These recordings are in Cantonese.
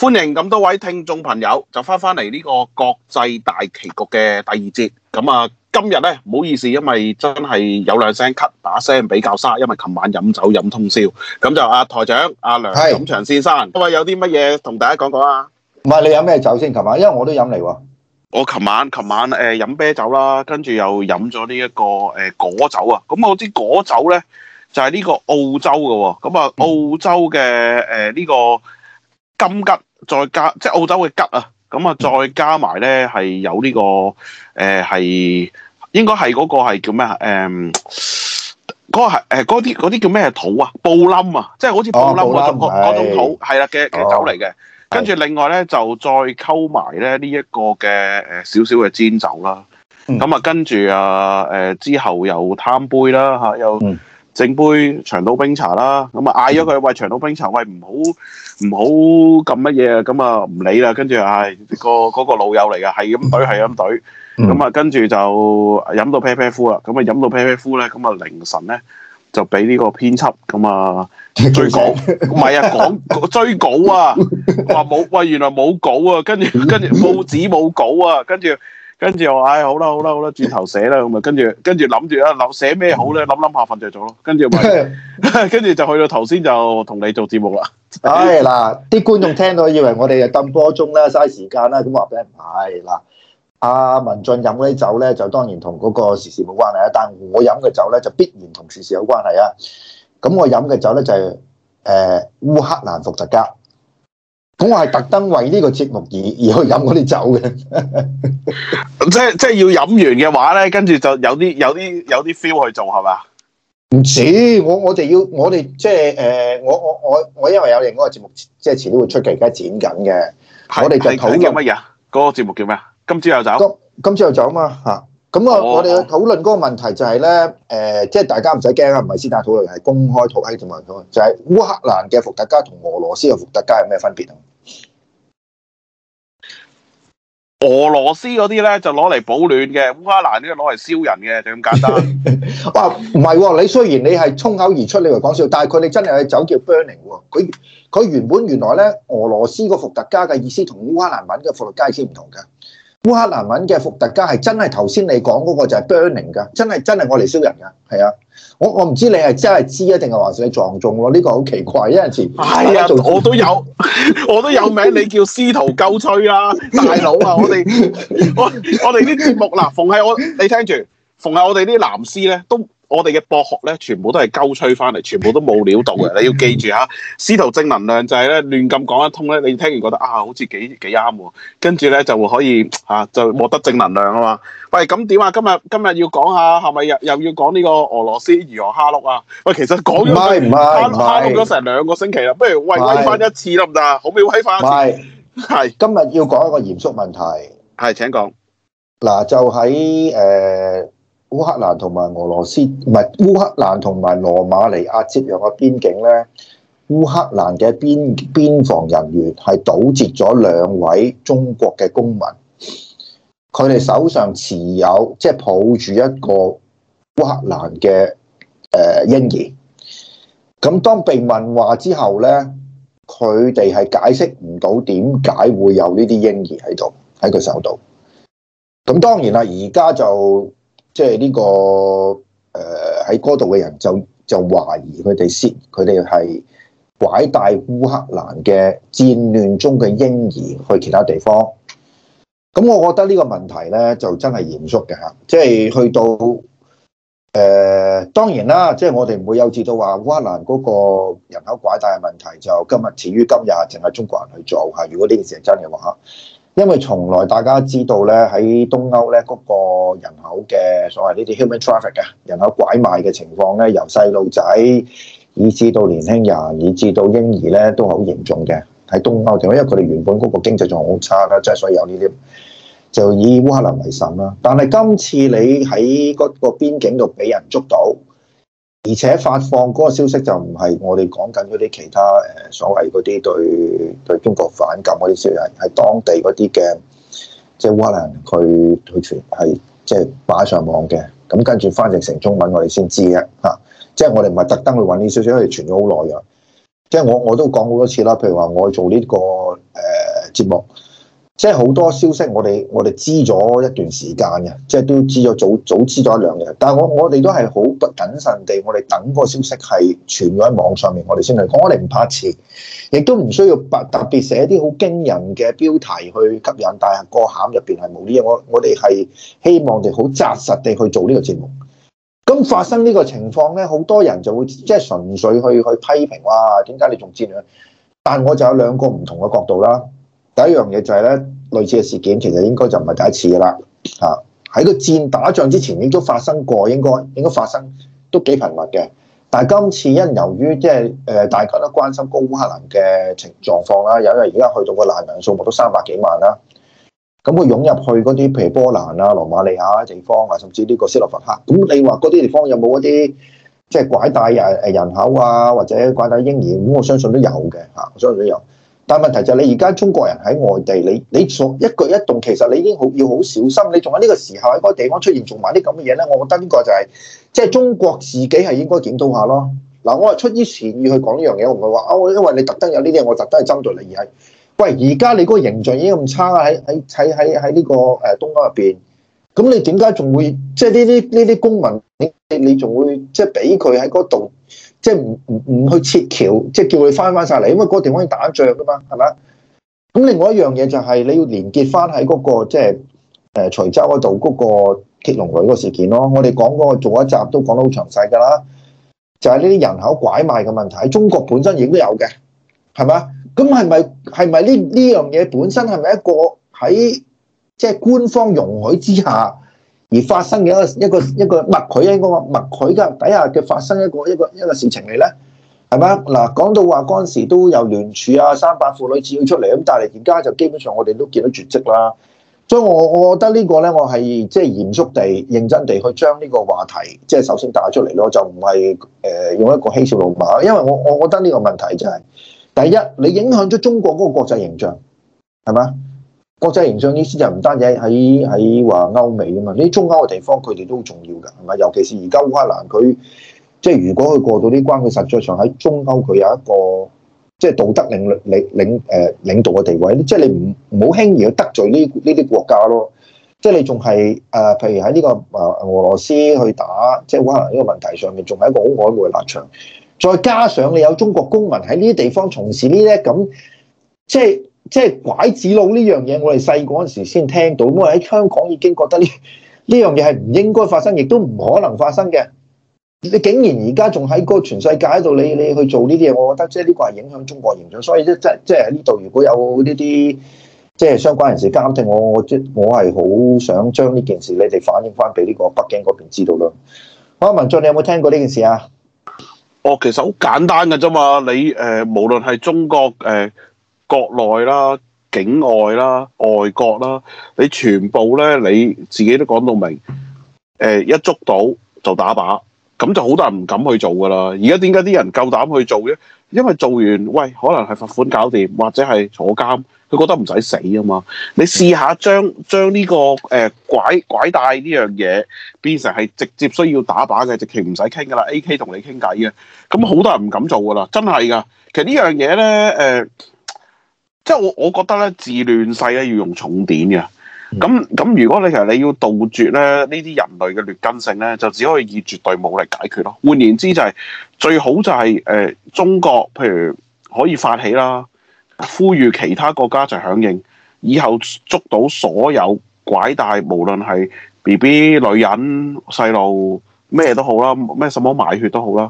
歡迎咁多位聽眾朋友，就返返嚟呢個國際大棋局嘅第二節。咁啊，今日咧唔好意思，因為真係有兩聲咳，把聲比較沙，因為琴晚飲酒飲通宵。咁就阿、啊、台長、阿梁錦祥先生，咁啊是，有啲乜嘢同大家講講啊？唔係你飲咩酒先？琴晚，因為我都飲嚟喎。我琴晚琴晚誒飲啤酒啦，跟住又飲咗呢一個誒果酒啊。咁我啲果酒咧就係、是、呢個澳洲噶，咁、呃、啊澳洲嘅誒呢個金桔。再加即係澳洲嘅桔啊，咁啊再加埋咧係有呢、這個誒係、呃、應該係嗰個係叫咩啊？誒嗰個係啲啲叫咩土啊？布冧啊，即係好似布冧嗰種、哦、種、種土係啦嘅嘅酒嚟嘅。跟住另外咧就再溝埋咧呢一個嘅誒少少嘅煎酒啦、啊。咁啊跟住啊誒之後又貪杯啦嚇又。嗯整杯長島冰茶啦，咁啊嗌咗佢喂，長島冰茶，喂，唔好唔好咁，乜嘢咁啊唔理啦，跟住唉，個嗰個老友嚟㗎，係咁懟係咁懟，咁啊跟住就飲到啤啤夫啦，咁啊飲到啤啤夫咧，咁啊凌晨咧就俾呢個編輯咁啊追稿，唔係啊講追稿啊，話冇喂，原來冇稿啊，跟住跟住報紙冇稿啊，跟住。跟住又話、哎，好啦好啦好啦，轉頭寫啦，咁啊跟住跟住諗住啊，諗寫咩好咧？諗諗下，瞓就做咯。跟住、咪、 跟住就去到頭先，就同你做節目、 哎、啦。唉嗱，啲觀眾聽到以為我哋啊掟波鐘啦，嘥時間啦，咁話畀人係嗱？阿文進飲嗰啲酒咧，就當然同嗰個時事冇關係啊。但係我飲嘅酒咧，就必然同時事有關係啊。咁我飲嘅酒咧就係誒烏克蘭伏特加。咁我係特登為呢個節目而而去飲嗰啲酒嘅， 即係即係要飲完嘅話咧，跟住就有啲有啲有啲 feel 去做係嘛？唔止，我我哋要我哋即係誒，我我我我，我，我因為有另外一個節目，即係遲啲會出嘅，而家剪緊嘅，是我哋就討論乜嘢啊？嗰、那個節目叫咩啊？金枝玉酒，金金枝玉酒啊嘛嚇！咁我我哋討論嗰個問題就係咧誒，即係大家唔使驚啦，唔係私底下討論，係公開討論同埋討論，就係、是、烏克蘭嘅伏特加同俄羅斯嘅伏特加有咩分別啊？俄羅斯嗰啲咧就攞嚟保暖嘅，烏克蘭呢個攞嚟燒人嘅就咁簡單。 啊，唔係，啊，你雖然你係衝口而出，你話講笑，但係佢哋真係去酒叫 burning，啊。佢佢原本原來咧俄羅斯個伏特加嘅意思同烏克蘭文嘅伏特加意思唔同嘅。烏克蘭文嘅伏特加係真係頭先你講嗰個就係 burning 噶真係真係我嚟燒人噶係啊，我我唔知你係真係知啊，定係還是，是你撞中咯？呢、這個好奇怪，因爲前係啊，我都有 我都有名，你叫司徒鳩吹啊， 大佬啊，我哋我我哋啲節目嗱，逢係我你聽住，逢係我哋啲男士咧都。我哋嘅博學咧，全部都係鳩吹翻嚟，全部都冇料到嘅。 你要記住嚇，司徒正能量就係咧亂咁講一通咧，你聽完覺得啊，好似幾幾啱喎，跟住咧就會可以嚇、uh，就獲得正能量啊嘛。喂，咁點啊？今日今日要講下係咪又又要講呢個俄羅斯如何哈碌啊？喂，其實講咗，唔係哈碌咗成兩個星期啦。不如喂不是威翻一次得唔得啊，好唔好威翻一次？唔係是， 的今日要講一個嚴肅問題。係請講嗱，就喺、是、誒。呃 烏克蘭同埋俄羅斯唔係烏克蘭同埋羅馬尼亞接壤嘅邊境咧，烏克蘭嘅邊邊防人員係堵截咗兩位中國嘅公民，佢哋手上持有即係、就是、抱住一個烏克蘭嘅誒嬰兒。咁當被問話之後咧，佢哋係解釋唔到點解會有呢啲嬰兒喺度喺佢手度。咁當然啦，而家就。即係呢、這個誒喺嗰度嘅人就就懷疑佢哋涉佢哋係拐帶烏克蘭嘅戰亂中嘅嬰兒去其他地方。咁我覺得呢個問題咧就真係嚴肅嘅吓。即係去到誒、呃、當然啦，即、就、係、是、我哋唔會幼稚到話烏克蘭嗰個人口拐帶嘅問題就今日始於今日，淨係中國人去做係。如果呢件事係真嘅話。因為從來大家知道咧，喺東歐咧嗰個人口嘅所謂呢啲 human traffic 啊，人口拐賣嘅情況咧，由細路仔以至到年輕人，以至到嬰兒咧，都係好嚴重嘅。喺東歐就因為佢哋原本嗰個經濟仲好差啦，即係所以有呢啲就以烏克蘭為甚啦。但係今次你喺嗰個邊境度俾人捉到。而且發放嗰個消息就唔係我哋講緊嗰啲其他誒所謂嗰啲對對中國反感嗰啲消息，係當地嗰啲嘅即係烏克蘭佢佢傳係即係擺上網嘅，咁跟住翻譯成中文我哋先知嘅吓、啊，即係我哋唔係特登去揾呢消息，佢哋傳咗好耐呀，即係我我都講過好多次啦，譬如話我做呢個誒節目。即係好多消息我，我哋我哋知咗一段時間嘅，即係都知咗早早知咗一兩日。但係我我哋都係好謹慎地，我哋等個消息係傳咗喺網上面，我哋先嚟講。我哋唔怕遲，亦都唔需要特特別寫啲好驚人嘅標題去吸引。但係個餡入邊係冇呢嘢，我我哋係希望我哋好紮實地去做呢個節目。咁發生呢個情況呢，好多人就會即係純粹去去批評話點解你仲佔㗎？但我就有兩個唔同嘅角度啦。第一樣嘢就係、是、呢。類似嘅事件其實應該就唔係第一次噶啦，嚇喺個戰打仗之前亦都發生過，應該應該發生都幾頻密嘅。但係今次因由於即係誒大家都關心個烏克蘭嘅情狀況啦，有因為而家去到個難民數目都三百幾萬啦，咁佢湧入去嗰啲譬如波蘭啊、羅馬尼亞地方啊，甚至呢個斯洛伐克，咁你話嗰啲地方有冇一啲即係拐帶人誒人口啊，或者拐帶嬰兒？咁我相信都有嘅，嚇，我相信都有。但問題就係你而家中國人喺外地，你你做一舉一動，其實你已經好要好小心。你仲喺呢個時候喺嗰個地方出現，仲埋啲咁嘅嘢咧，我覺得呢個就係即係中國自己係應該檢討下咯。嗱，我係出於善意去講呢樣嘢，我唔會話啊，因為你特登有呢啲，我特登係針對你而係。喂，而家你嗰個形象已經咁差，喺喺喺喺喺呢個誒東歐入邊，咁你點解仲會即係呢啲呢啲公民，你你仲會即係俾佢喺嗰度？就是即係唔唔唔去撤僑，即係叫佢翻翻晒嚟，因為嗰個地方已經打仗噶嘛，係咪？咁另外一樣嘢就係你要連結翻喺嗰個即係誒徐州嗰度嗰個鐵鏈女個事件咯。我哋講嗰個做一集都講得好詳細㗎啦，就係呢啲人口拐賣嘅問題，中國本身亦都有嘅，係咪？咁係咪係咪呢呢樣嘢本身係咪一個喺即係官方容許之下？而發生嘅一個一個一個，唔係佢一個，唔係佢而家底下嘅發生一個一個一個事情嚟咧，係咪啊？嗱，講到話嗰陣時都有聯署啊，三百婦女志願出嚟咁，但係而家就基本上我哋都見到絕跡啦。所以我我覺得個呢個咧，我係即係嚴肅地、認真地去將呢個話題即係、就是、首先打出嚟咯，就唔係誒用一個嬉笑怒罵，因為我我覺得呢個問題就係、是、第一，你影響咗中國嗰個國際形象，係咪啊？國際形象意思就唔單止喺喺喺話歐美啊嘛，呢啲中歐嘅地方佢哋都重要噶，係咪？尤其是而家烏克蘭佢，即係如果佢過到呢關，佢實在上喺中歐佢有一個即係、就是、道德領領領誒領導嘅地位。即係你唔唔好輕易去得罪呢呢啲國家咯。即係你仲係誒，譬如喺呢個啊俄羅斯去打，即係烏克蘭呢個問題上面，仲係一個好曖昧嘅立場。再加上你有中國公民喺呢啲地方從事呢啲咁，即係、就是。即係拐子佬呢樣嘢，我哋細個嗰陣時先聽到，我喺香港已經覺得呢呢樣嘢係唔應該發生，亦都唔可能發生嘅。你竟然而家仲喺嗰個全世界度，你你去做呢啲嘢，我覺得即係呢個係影響中國形象。所以即即即係呢度如果有呢啲即係相關人士監聽我，我即我係好想將呢件事你哋反映翻俾呢個北京嗰邊知道啦。好，文進，你有冇聽過呢件事啊？哦，其實好簡單嘅啫嘛，你誒、呃、無論係中國誒。呃國內啦、境外啦、外國啦，你全部咧你自己都講到明，誒一捉到就打靶，咁就好多人唔敢去做噶啦。而家點解啲人夠膽去做咧？因為做完喂，可能係罰款搞掂，或者係坐監，佢覺得唔使死啊嘛。你試下將將呢個誒拐拐帶呢樣嘢變成係直接需要打靶嘅，直情唔使傾噶啦。AK 同你傾偈嘅，咁好多人唔敢做噶啦，真係噶。其實呢樣嘢咧誒。呃即係我，我覺得咧治亂世咧要用重點嘅。咁咁，如果你其實你要杜絕咧呢啲人類嘅劣根性咧，就只可以以絕對武力解決咯。換言之，就是，就係最好就係，是、誒、呃，中國譬如可以發起啦，呼籲其他國家就響應，以後捉到所有拐帶，無論係 B B 女人、細路咩都好啦，咩什麼賣血都好啦，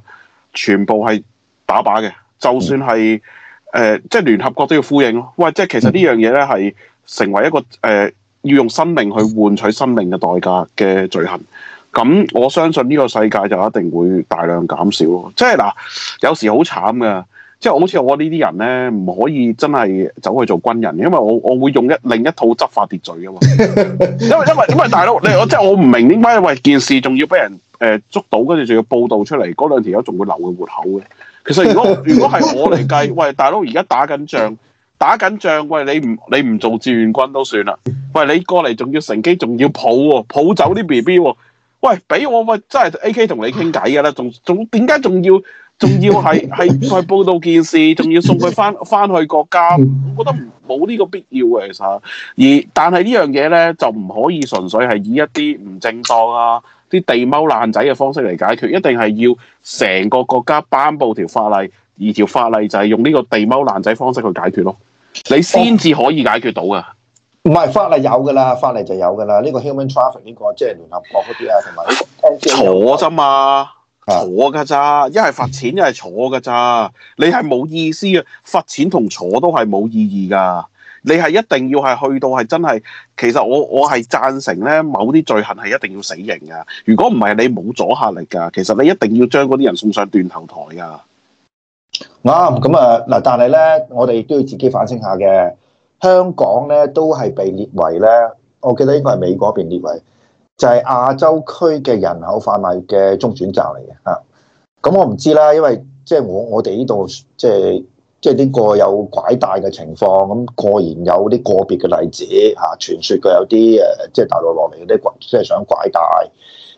全部係打靶嘅，就算係。誒、呃，即係聯合國都要呼應咯。喂，即係其實呢樣嘢咧，係成為一個誒、呃，要用生命去換取生命嘅代價嘅罪行。咁我相信呢個世界就一定會大量減少咯。即係嗱、呃，有時好慘㗎，即係好似我呢啲人咧，唔可以真係走去做軍人，因為我我會用一另一套執法秩序㗎嘛 因。因為因為喂，大佬，你我即係我唔明點解喂，件事仲要俾人誒、呃、捉到，跟住仲要報道出嚟，嗰兩條友仲會留個活口嘅。其實如果如果係我嚟計，喂，大佬而家打緊仗，打緊仗，喂，你唔你唔做志願軍都算啦。喂，你過嚟仲要乘機仲要抱喎，哦，抱走啲 B B 喎。喂，俾我喂，真係 A K 同你傾偈㗎啦。仲仲點解仲要仲要係係再報道件事，仲要送佢翻翻去國家？我覺得冇呢個必要嘅其實。而但係呢樣嘢咧，就唔可以純粹係以一啲唔正當啊。啲地踎爛仔嘅方式嚟解決，一定係要成個國家頒佈條法例，而條法例就係用呢個地踎爛仔方式去解決咯。你先至可以解決到噶。唔係、哦、法例有噶啦，法例就有噶啦。呢、這個 human traffic 呢、這個即係、就是、聯合國嗰啲啊，同埋坐啫嘛，坐噶咋？一係的罰錢，一係坐噶咋？你係冇意思啊！罰錢同坐都係冇意義噶。你係一定要係去到係真係，其實我我係贊成咧，某啲罪行係一定要死刑噶。如果唔係，你冇阻嚇力噶。其實你一定要將嗰啲人送上斷頭台噶、嗯。啱，咁啊嗱，但係咧，我哋都要自己反省下嘅。香港咧都係被列為咧，我記得應該係美國嗰邊列為，就係、是、亞洲區嘅人口販賣嘅中轉站嚟嘅嚇。咁、嗯嗯嗯嗯、我唔知啦，因為即係我我哋呢度即係。即係呢個有拐帶嘅情況，咁固然有啲個別嘅例子嚇，傳説佢有啲誒，即係大陸落嚟嗰啲即係想拐帶，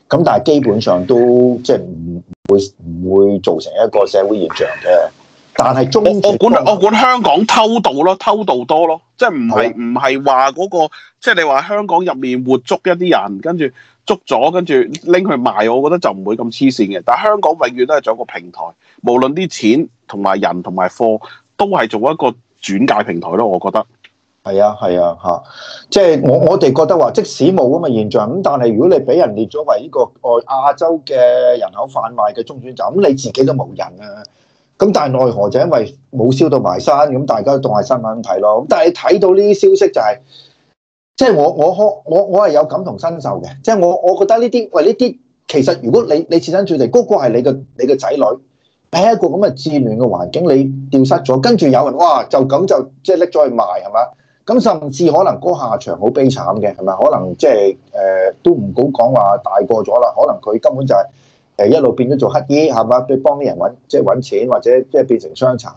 咁但係基本上都即係唔會唔會造成一個社會現象嘅。但係中我，我我管我管香港偷渡咯，偷渡多咯，即係唔係唔係話嗰個，即係你話香港入面活捉一啲人跟住。捉咗跟住拎去賣，我覺得就唔會咁黐線嘅。但係香港永遠都係做一個平台，無論啲錢同埋人同埋貨，都係做一個轉介平台咯。我覺得係啊，係啊，嚇、啊！即係我我哋覺得話，即使冇咁嘅現象咁，但係如果你俾人列咗為呢個外亞洲嘅人口販賣嘅中轉站，咁你自己都冇人啊。咁但係奈何就因為冇燒到埋山，咁大家都仲係新聞睇咯。咁但係睇到呢啲消息就係、是。即係我我我我係有感同身受嘅，即係我我覺得呢啲，喂，呢啲其實如果你你設身處地，嗰、那個係你嘅你個仔女喺一個咁嘅戰亂嘅環境，你掉失咗，跟住有人哇就咁就即係拎咗去賣係嘛，咁甚至可能嗰個下場好悲慘嘅係咪？可能即係誒都唔好講話大個咗啦，可能佢根本就係、是、誒、呃、一路變咗做乞兒係嘛，去幫啲人搵即係搵錢或者即係變成傷殘，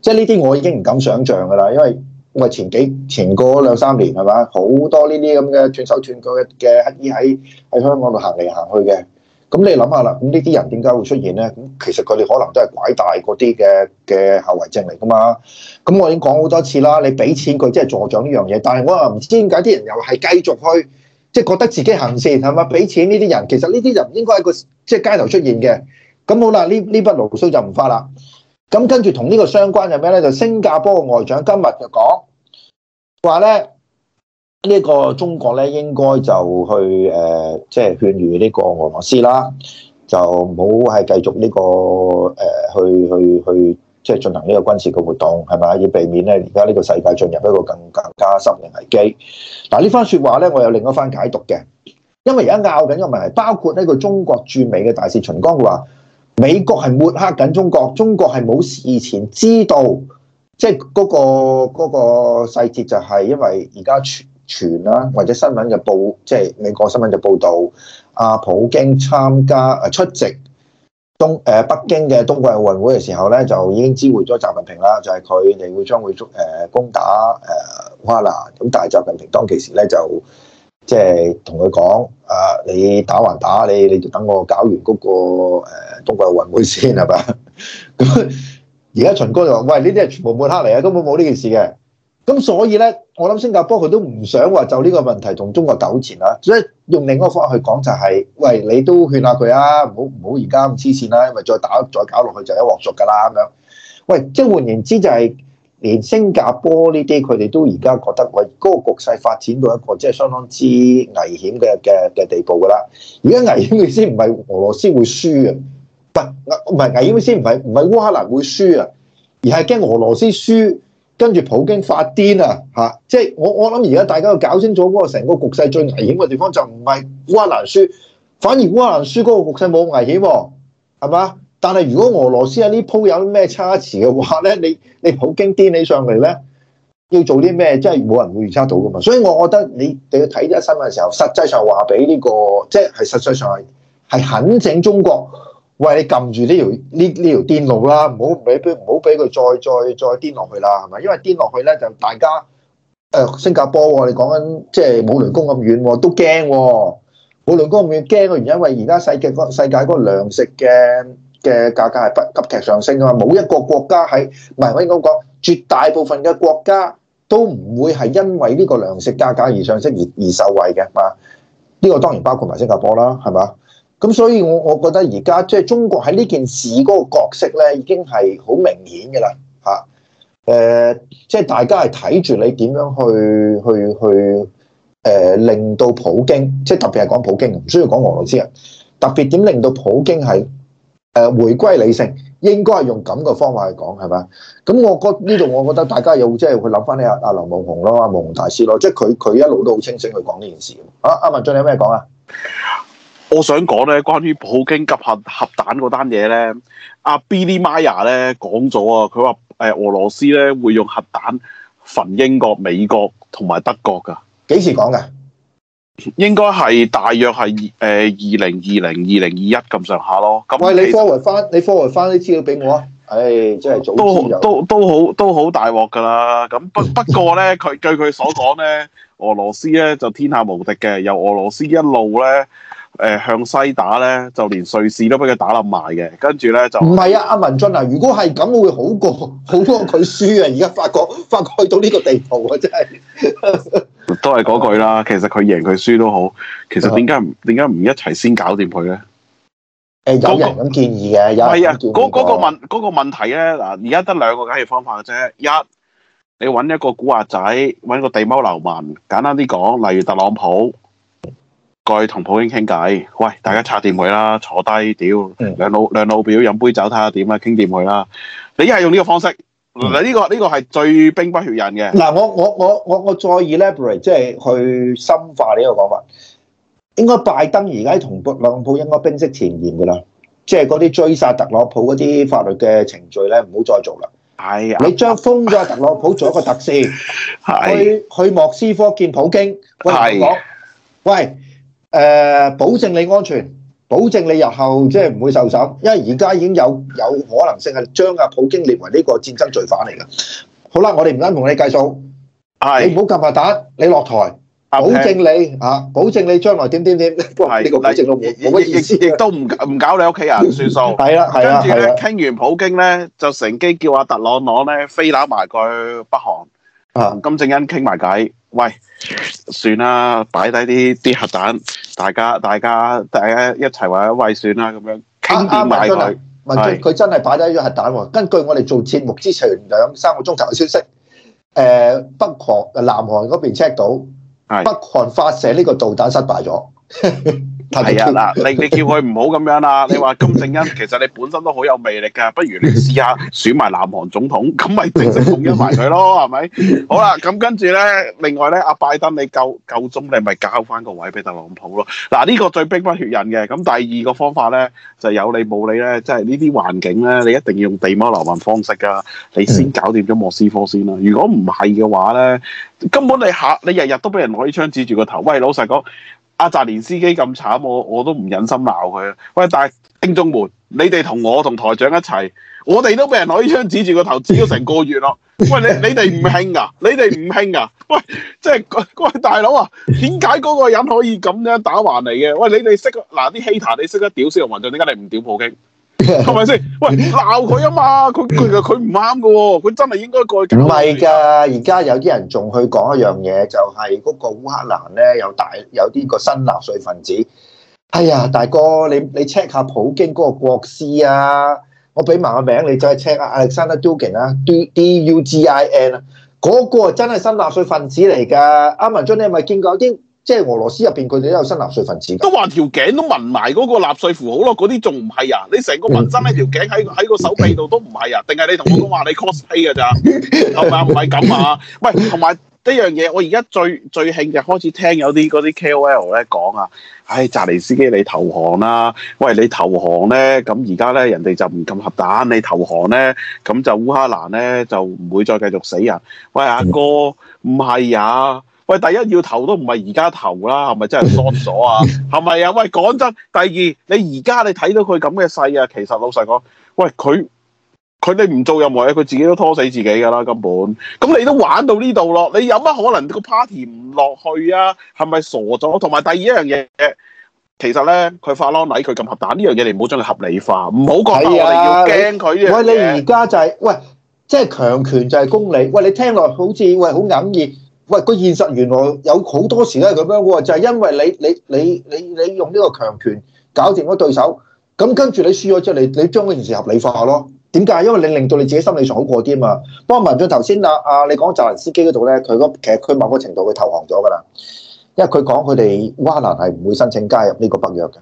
即係呢啲我已經唔敢想象噶啦，因為。喂，前幾前過兩三年係嘛，好多呢啲咁嘅斷手斷腳嘅嘅乞兒喺喺香港度行嚟行去嘅。咁你諗下啦，咁呢啲人點解會出現咧？咁其實佢哋可能都係拐帶嗰啲嘅嘅後遺症嚟㗎嘛。咁我已經講好多次啦，你俾錢佢即係助長呢樣嘢，但係我又唔知點解啲人又係繼續去，即係覺得自己行善係嘛？俾錢呢啲人，其實呢啲人唔應該喺個即係街頭出現嘅。咁好啦，呢呢筆牢騷就唔花啦。咁跟住同呢個相關係咩咧？就新加坡嘅外長今日就講話咧，呢個中國咧應該就去誒，即係勸喻呢個俄羅斯啦，就唔好係繼續呢個誒，去去去，即係進行呢個軍事嘅活動，係咪啊？要避免咧，而家呢個世界進入一個更更加深嘅危機。嗱，呢番説話咧，我有另一番解讀嘅，因為而家拗緊一個問題，包括呢個中國駐美嘅大使秦剛話。美國係抹黑緊中國，中國係冇事前知道，即係嗰個嗰、那個細節就係因為而家傳傳啦，或者新聞就報，即、就、係、是、美國新聞就報道阿、啊、普京參加誒出席東誒、啊、北京嘅冬季奧運會嘅時候咧，就已經知會咗習近平啦，就係佢哋會將會捉誒、呃、攻打誒烏克蘭，咁但係習近平當其時咧就即係同佢講，啊你打還打你，你等我搞完嗰、那個誒。呃東貴混會先係嘛？咁而家秦哥就話：喂，呢啲係全部抹黑嚟啊！根本冇呢件事嘅。咁所以咧，我諗新加坡佢都唔想話就呢個問題同中國糾纏啦。所以用另一個方法去講就係、是：喂，你都勸下佢啊，唔好唔好而家咁黐線啦，因為再打再搞落去就一鑊熟㗎啦咁樣。喂，即係換言之就係，連新加坡呢啲佢哋都而家覺得喂嗰個局勢發展到一個即係相當之危險嘅嘅嘅地步㗎啦。而家危險嘅先唔係俄羅斯會輸啊！唔係，唔係危險先，唔係唔係烏克蘭會輸啊，而係驚俄羅斯輸，跟住普京發癲啊，吓、啊！即係我我諗而家大家要搞清楚嗰個成個局勢最危險嘅地方就唔係烏克蘭輸，反而烏克蘭輸嗰個局勢冇危險，啊，係嘛？但係如果俄羅斯喺呢鋪有咩差池嘅話咧，你你普京癲起上嚟咧，要做啲咩？即係冇人會預測到噶嘛？所以我覺得你你要睇呢啲新聞嘅時候，實際上話俾呢個，即係實際上係係肯整中國。喂，你撳住呢條呢呢條電路啦，唔好唔俾唔好俾佢再再再跌落去啦，係咪？因為跌落去咧就大家誒、呃、新加坡喎、哦，你講緊即係冇雷公咁遠喎、哦，都驚喎、哦。冇雷公咁遠驚嘅原因，因為而家世界嗰世界嗰個糧食嘅嘅價格係急劇上升啊嘛，冇一個國家喺，唔係應該講，絕大部分嘅國家都唔會係因為呢個糧食價格而上升而而受惠嘅，係呢、呢個當然包括埋新加坡啦，係嘛？咁所以，我我覺得而家即係中國喺呢件事嗰個角色咧，已經係好明顯嘅啦嚇。誒，即係大家係睇住你點樣去去去誒，令到普京，即係特別係講普京，唔需要講俄羅斯人。特別點令到普京係誒回歸理性，應該係用咁嘅方法去講，係咪啊？咁我覺得呢度，我覺得大家又即係去諗翻咧阿阿劉夢紅咯，阿夢紅大師咯，即係佢佢一路都好清醒去講呢件事。啊，阿文俊你有咩講啊？我想講咧，關於普京及核核彈嗰單嘢咧，阿 Billy Meier 咧講咗啊，佢話誒俄羅斯咧會用核彈焚英國、美國同埋德國噶。幾時講嘅？應該係大約係誒二零二零二零二一咁上下咯。喂，你 forward 翻你 forward 翻啲資料俾我啊！唉、哎，真、就、係、是、早知就都都都好都好大鑊噶啦。咁不不，不過咧，佢據佢所講咧， 俄羅斯咧就天下無敵嘅，由俄羅斯一路咧。呢呢呢呢誒，向西打咧，就連瑞士都俾佢打冧埋嘅，跟住咧就唔係啊，阿文俊啊，如果係咁會好過，好過佢輸啊！而家發覺，發覺去到呢個地步啊，真係 都係嗰句啦。其實佢贏佢輸都好，其實點解唔點解唔一齊先搞掂佢咧？誒、欸，有人咁建議嘅，係啊，嗰嗰、那個問嗰的、這個、個問題咧，嗱，而家得兩個解決方法嘅啫。一，你搵一個古惑仔，搵個地踎流民，簡單啲講，例如特朗普。過去同普京傾偈，喂，大家拆掂佢啦，坐低，屌，兩老兩老表飲杯酒睇下點啊，傾掂佢啦。你一係用呢個方式，呢個呢個係最兵不血刃嘅。嗱，我我我我我再 elaborate，即係去深化呢個講法。應該拜登而家同特朗普應該冰釋前嫌噶啦，即係嗰啲追殺特朗普嗰啲法律嘅程序咧，唔好再做啦。係啊，你將封咗特朗普做一個特使，去去莫斯科見普京。係，喂。誒，保證你安全，保證你日後即係唔會受審，因為而家已經有有可能性係將阿普京列為呢個戰爭罪犯嚟嘅。好啦，我哋唔啱同你計數，你唔好撳埋蛋，你落台，保證你嚇，保證你將來點點點。呢個亦亦亦亦都唔唔搞你屋企人算數。係啦，係啦，跟住咧傾完普京咧，就乘機叫阿特朗普咧飛撚埋佢北韓，同金正恩傾埋偈。喂，算啦，擺低啲啲核彈，大家大家大家一齊話，喂算啦咁樣，傾掂埋佢。佢真係擺低咗核彈喎。根據我哋做節目之前兩三個鐘頭嘅消息，誒、呃、北韓南韓嗰邊 check 到，北韓發射呢個導彈失敗咗。的 係啊，嗱，你你叫佢唔好咁樣啦。你話金正恩其實你本身都好有魅力嘅，不如你試下選埋南韓總統，咁咪直接統一埋佢咯，係咪？好啦，咁跟住咧，另外咧，阿拜登你夠夠鍾，你咪交翻個位俾特朗普咯。嗱，呢、這個最逼不血人嘅。咁第二個方法咧，就是、有理冇理咧，即、就、係、是、呢啲環境咧，你一定要用地痞流氓方式㗎，你先搞掂咗莫斯科先啦。如果唔係嘅話咧，根本你下你日日都俾人攞起槍指住個頭，喂，老實講。阿扎連司機咁慘，我我都唔忍心鬧佢啊，啊！喂，但係、喂聽眾們，你哋同我同台長一齊，我哋都俾人攞支槍指住個頭指咗成個月咯！喂，你你，你哋唔興啊？你哋唔興啊？喂，即係嗰位大佬啊，點解嗰個人可以咁樣打橫嚟嘅？喂，你哋識嗱啲 hater 你識得屌小龍同文進，點解你唔屌普京？係咪先？喂 鬧佢啊嘛！佢佢佢唔啱嘅喎，佢真係應該過去。唔係噶，而家有啲人仲去講一樣嘢，就係、是、嗰個烏克蘭咧，有大有啲個新納粹分子。哎呀，大哥，你你 check 下普京嗰個國師啊！我俾埋個名，你再 check 下 Alexander Dugin 啊 D D U G I N 啊。嗰個真係新納粹分子嚟噶。阿文進，你係咪見過啲？即係俄羅斯入邊，佢哋都有新納稅分子。都話條頸都紋埋嗰個納稅符號咯，嗰啲仲唔係啊？你成個紋身喺條頸、喺喺個手臂度都唔係啊？定係你同我講話你 cosplay 㗎咋？係咪？唔係咁啊？喂，同埋呢樣嘢，我而家最最興就開始聽有啲嗰啲 KOL 咧講啊。唉，扎尼，哎、斯基你投降啦，啊！喂，你投降咧，咁而家咧人哋就唔咁核彈，你投降咧，咁就烏克蘭咧就唔會再繼續死人。喂，阿哥，唔係啊！喂，第一要投都唔係而家投啦，係咪真係傻咗啊？係咪啊？喂，講真，第二你而家你睇到佢咁嘅勢啊，其實老實講，喂，佢佢哋唔做任何嘢，佢自己都拖死自己噶啦，根本咁你都玩到呢度咯，你有乜可能個 party 唔落去啊？係咪傻咗？同埋第二一樣嘢，其實咧佢發狼戾佢咁核彈呢樣嘢，這個，你唔好將佢合理化，唔好覺得我哋要驚佢呢樣嘢。喂，你而家就係、是、喂，即係強權就係公理。喂，你聽落好似喂好隱熱。喂，個現實原來有好多時都係咁樣喎，就係因為你你你你你用呢個強權搞掂咗對手，咁跟住你輸咗之後，你你將件事合理化咯。點解？因為你令到你自己心理上好過啲啊嘛。不過文進頭先啊啊，你講澤連斯基嗰度咧，佢嗰其實佢某個程度佢投降咗噶啦，因為佢講佢哋烏克蘭係唔會申請加入呢個北約嘅。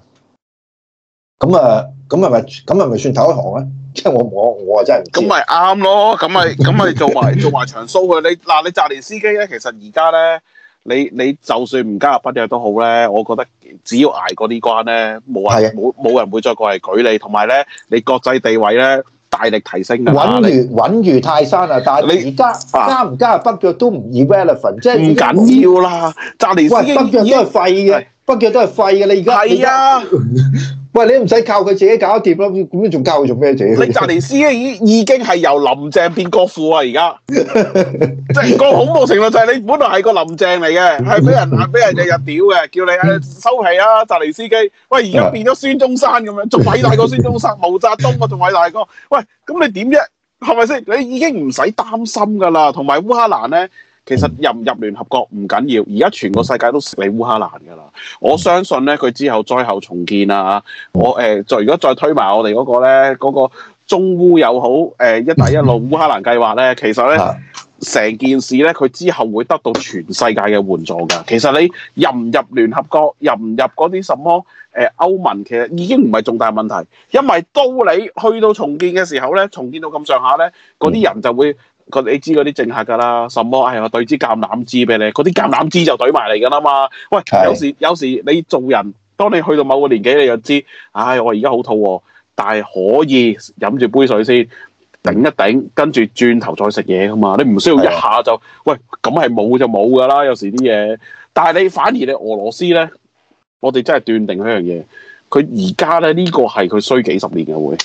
咁啊。咁係咪咁係咪算投降咧？即係我我我啊真係唔知。咁咪啱咯，咁咪咁咪做埋做埋場騷嘅你嗱。你揸連司機咧，其實而家咧，你你就算唔加入北約都好咧，我覺得只要捱過啲關咧，冇係冇冇人會再過嚟舉你，同埋咧，你國際地位咧大力提升嘅。穩如穩如泰山啊！但你而家加唔加入北約都唔易。即係唔緊要啦。揸連司機，北約都係廢嘅，北約都係廢嘅。你而家係啊。喂，你唔使靠佢自己搞掂啦，咁你仲教佢做咩啫？你，扎尼斯基已已經係由林鄭變國父啊！而家，即係 個恐怖程度就係你本來係個林鄭嚟嘅，係俾 人啊俾人日日屌嘅，叫你收啊收氣啦，扎尼斯基。喂，而家變咗孫中山咁樣，仲偉大過孫中山、中山 毛澤東啊，仲偉大過。喂，咁你點啫？係咪先？你已經唔使擔心噶啦，同埋烏克蘭咧。其實入唔入聯合國唔緊要，而家全個世界都食你烏克蘭噶啦。我相信咧，佢之後災後重建啊，我誒、再、呃、如果再推埋我哋嗰個咧，嗰、嗰個中烏又好，誒、呃、一帶一路烏克蘭計劃咧，其實咧成的件事咧，佢之後會得到全世界嘅援助噶。其實你入唔入聯合國，任入唔入嗰啲什麼誒、呃、歐盟，其實已經唔係重大問題，因為到你去到重建嘅時候咧，重建到咁上下咧，嗰啲人就會。你知嗰啲政客噶啦，什麼，哎呀，我對支橄欖枝俾你，嗰啲橄欖枝就對埋嚟噶啦嘛。喂，有時的有時你做人，當你去到某個年紀，你就知，唉、哎，我而家好肚餓喎。但係可以飲住杯水先，頂一頂，跟住轉頭再食嘢噶嘛。你唔需要一下就，的喂，咁係冇就冇噶啦。有時啲嘢，但係你反而你俄羅斯咧，我哋真係斷定一樣嘢，佢而家咧呢、呢個係佢衰幾十年嘅會。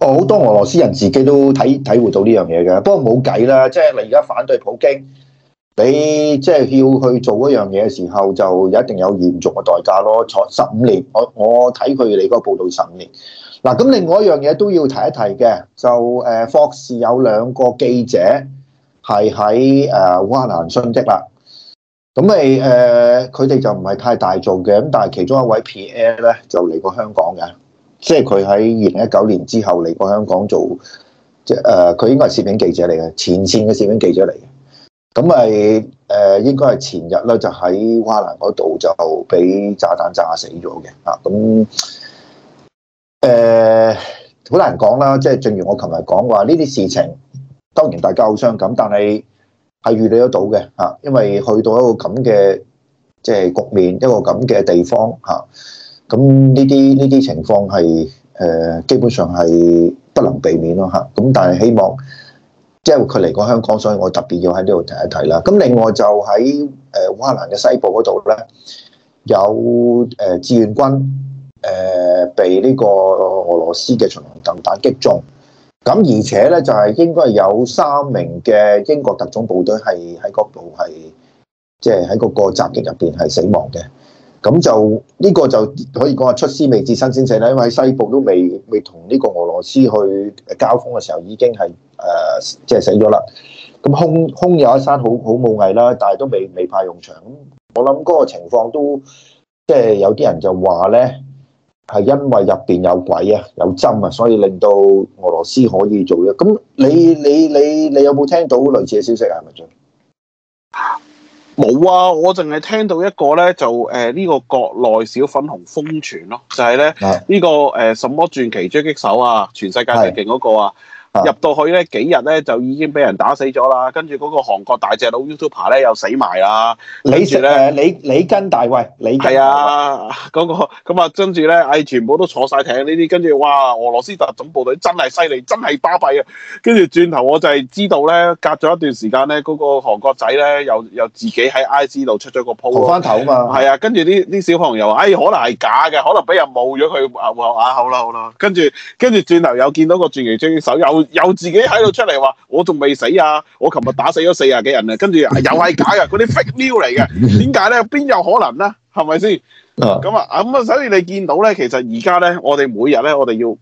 哦，好多俄羅斯人自己都體體會到呢樣嘢嘅，不過冇計啦，即係你而家反對普京，你即係要去做嗰樣嘢嘅時候，就一定有嚴重嘅代價咯。坐十五年，我我睇佢哋嗰個報道十五年。嗱，咁另外一樣嘢都要提一提嘅，就誒，霍士有兩個記者係喺誒烏克蘭殉職啦。咁咪誒，佢哋就唔係太大做嘅，咁但係其中一位 PA 咧就嚟過香港嘅。即係佢喺二零一九年之後嚟過香港做，即係誒佢應該係攝影記者嚟嘅，前線嘅攝影記者嚟嘅。咁咪誒應該係前日咧，就喺華蘭嗰度就俾炸彈炸死咗嘅。啊，咁誒好難講啦。即係正如我琴日講話，呢啲事情當然大家好傷感，但係係預料得到嘅。嚇，因為去到一個咁嘅即係局面，一個咁嘅地方嚇。咁呢啲呢啲情況係誒、呃、基本上係不能避免咯嚇，咁但係希望即係佢嚟過香港，所以我特別要喺呢度提一提啦。咁另外就喺誒烏克蘭嘅西部嗰度咧，有誒、呃、志願軍誒、呃、被呢個俄羅斯嘅巡航導彈擊中，咁而且咧就係、是、應該有三名嘅英國特種部隊係喺嗰度係即係喺個、就是、個襲擊入邊係死亡嘅。咁就呢、這個就可以講話出師未捷身先死啦，因為喺西部都未未同呢個俄羅斯去交鋒嘅時候已經係誒即係死咗啦。咁空空有一身好好武藝啦，但係都未未派用場。咁我諗嗰個情況都即係、就是、有啲人就話咧，係因為入邊有鬼啊、有針啊，所以令到俄羅斯可以做嘅。咁你你你你有冇聽到類似嘅消息啊？文俊？冇啊！我淨係聽到一個咧，就誒呢、呃這個國內小粉紅瘋傳咯，就係、是、咧呢、啊這個誒什麼傳奇狙擊手啊，全世界最勁嗰個啊！入到去咧，幾日咧就已經俾人打死咗啦。跟住嗰個韓國大隻佬 YouTuber 咧又死埋啦。你誒李，你你跟大衛，你係啊嗰個咁啊，跟住咧，唉、那個，全部都坐晒艇呢啲，跟住哇，俄羅斯特種部隊真係犀利，真係巴閉啊！跟住轉頭我就係知道咧，隔咗一段時間咧，嗰、那個韓國仔咧又又自己喺 IG 度出咗個 po，翻頭啊。嘛，係啊，跟住啲啲小朋友話，哎，可能係假嘅，可能俾人冒咗佢啊啊口啦、啊啊、好啦，跟住跟住轉頭又見到個傳奇槍手有。又自己喺度出嚟話，我仲未死啊！我琴日打死咗四十幾人啊！跟住又係假嘅，嗰啲 fake news 嚟嘅。點解咧？邊有可能咧？係咪先？咁啊、嗯，咁啊、嗯，所以你見到咧，其實而家咧，我哋每日咧，我哋要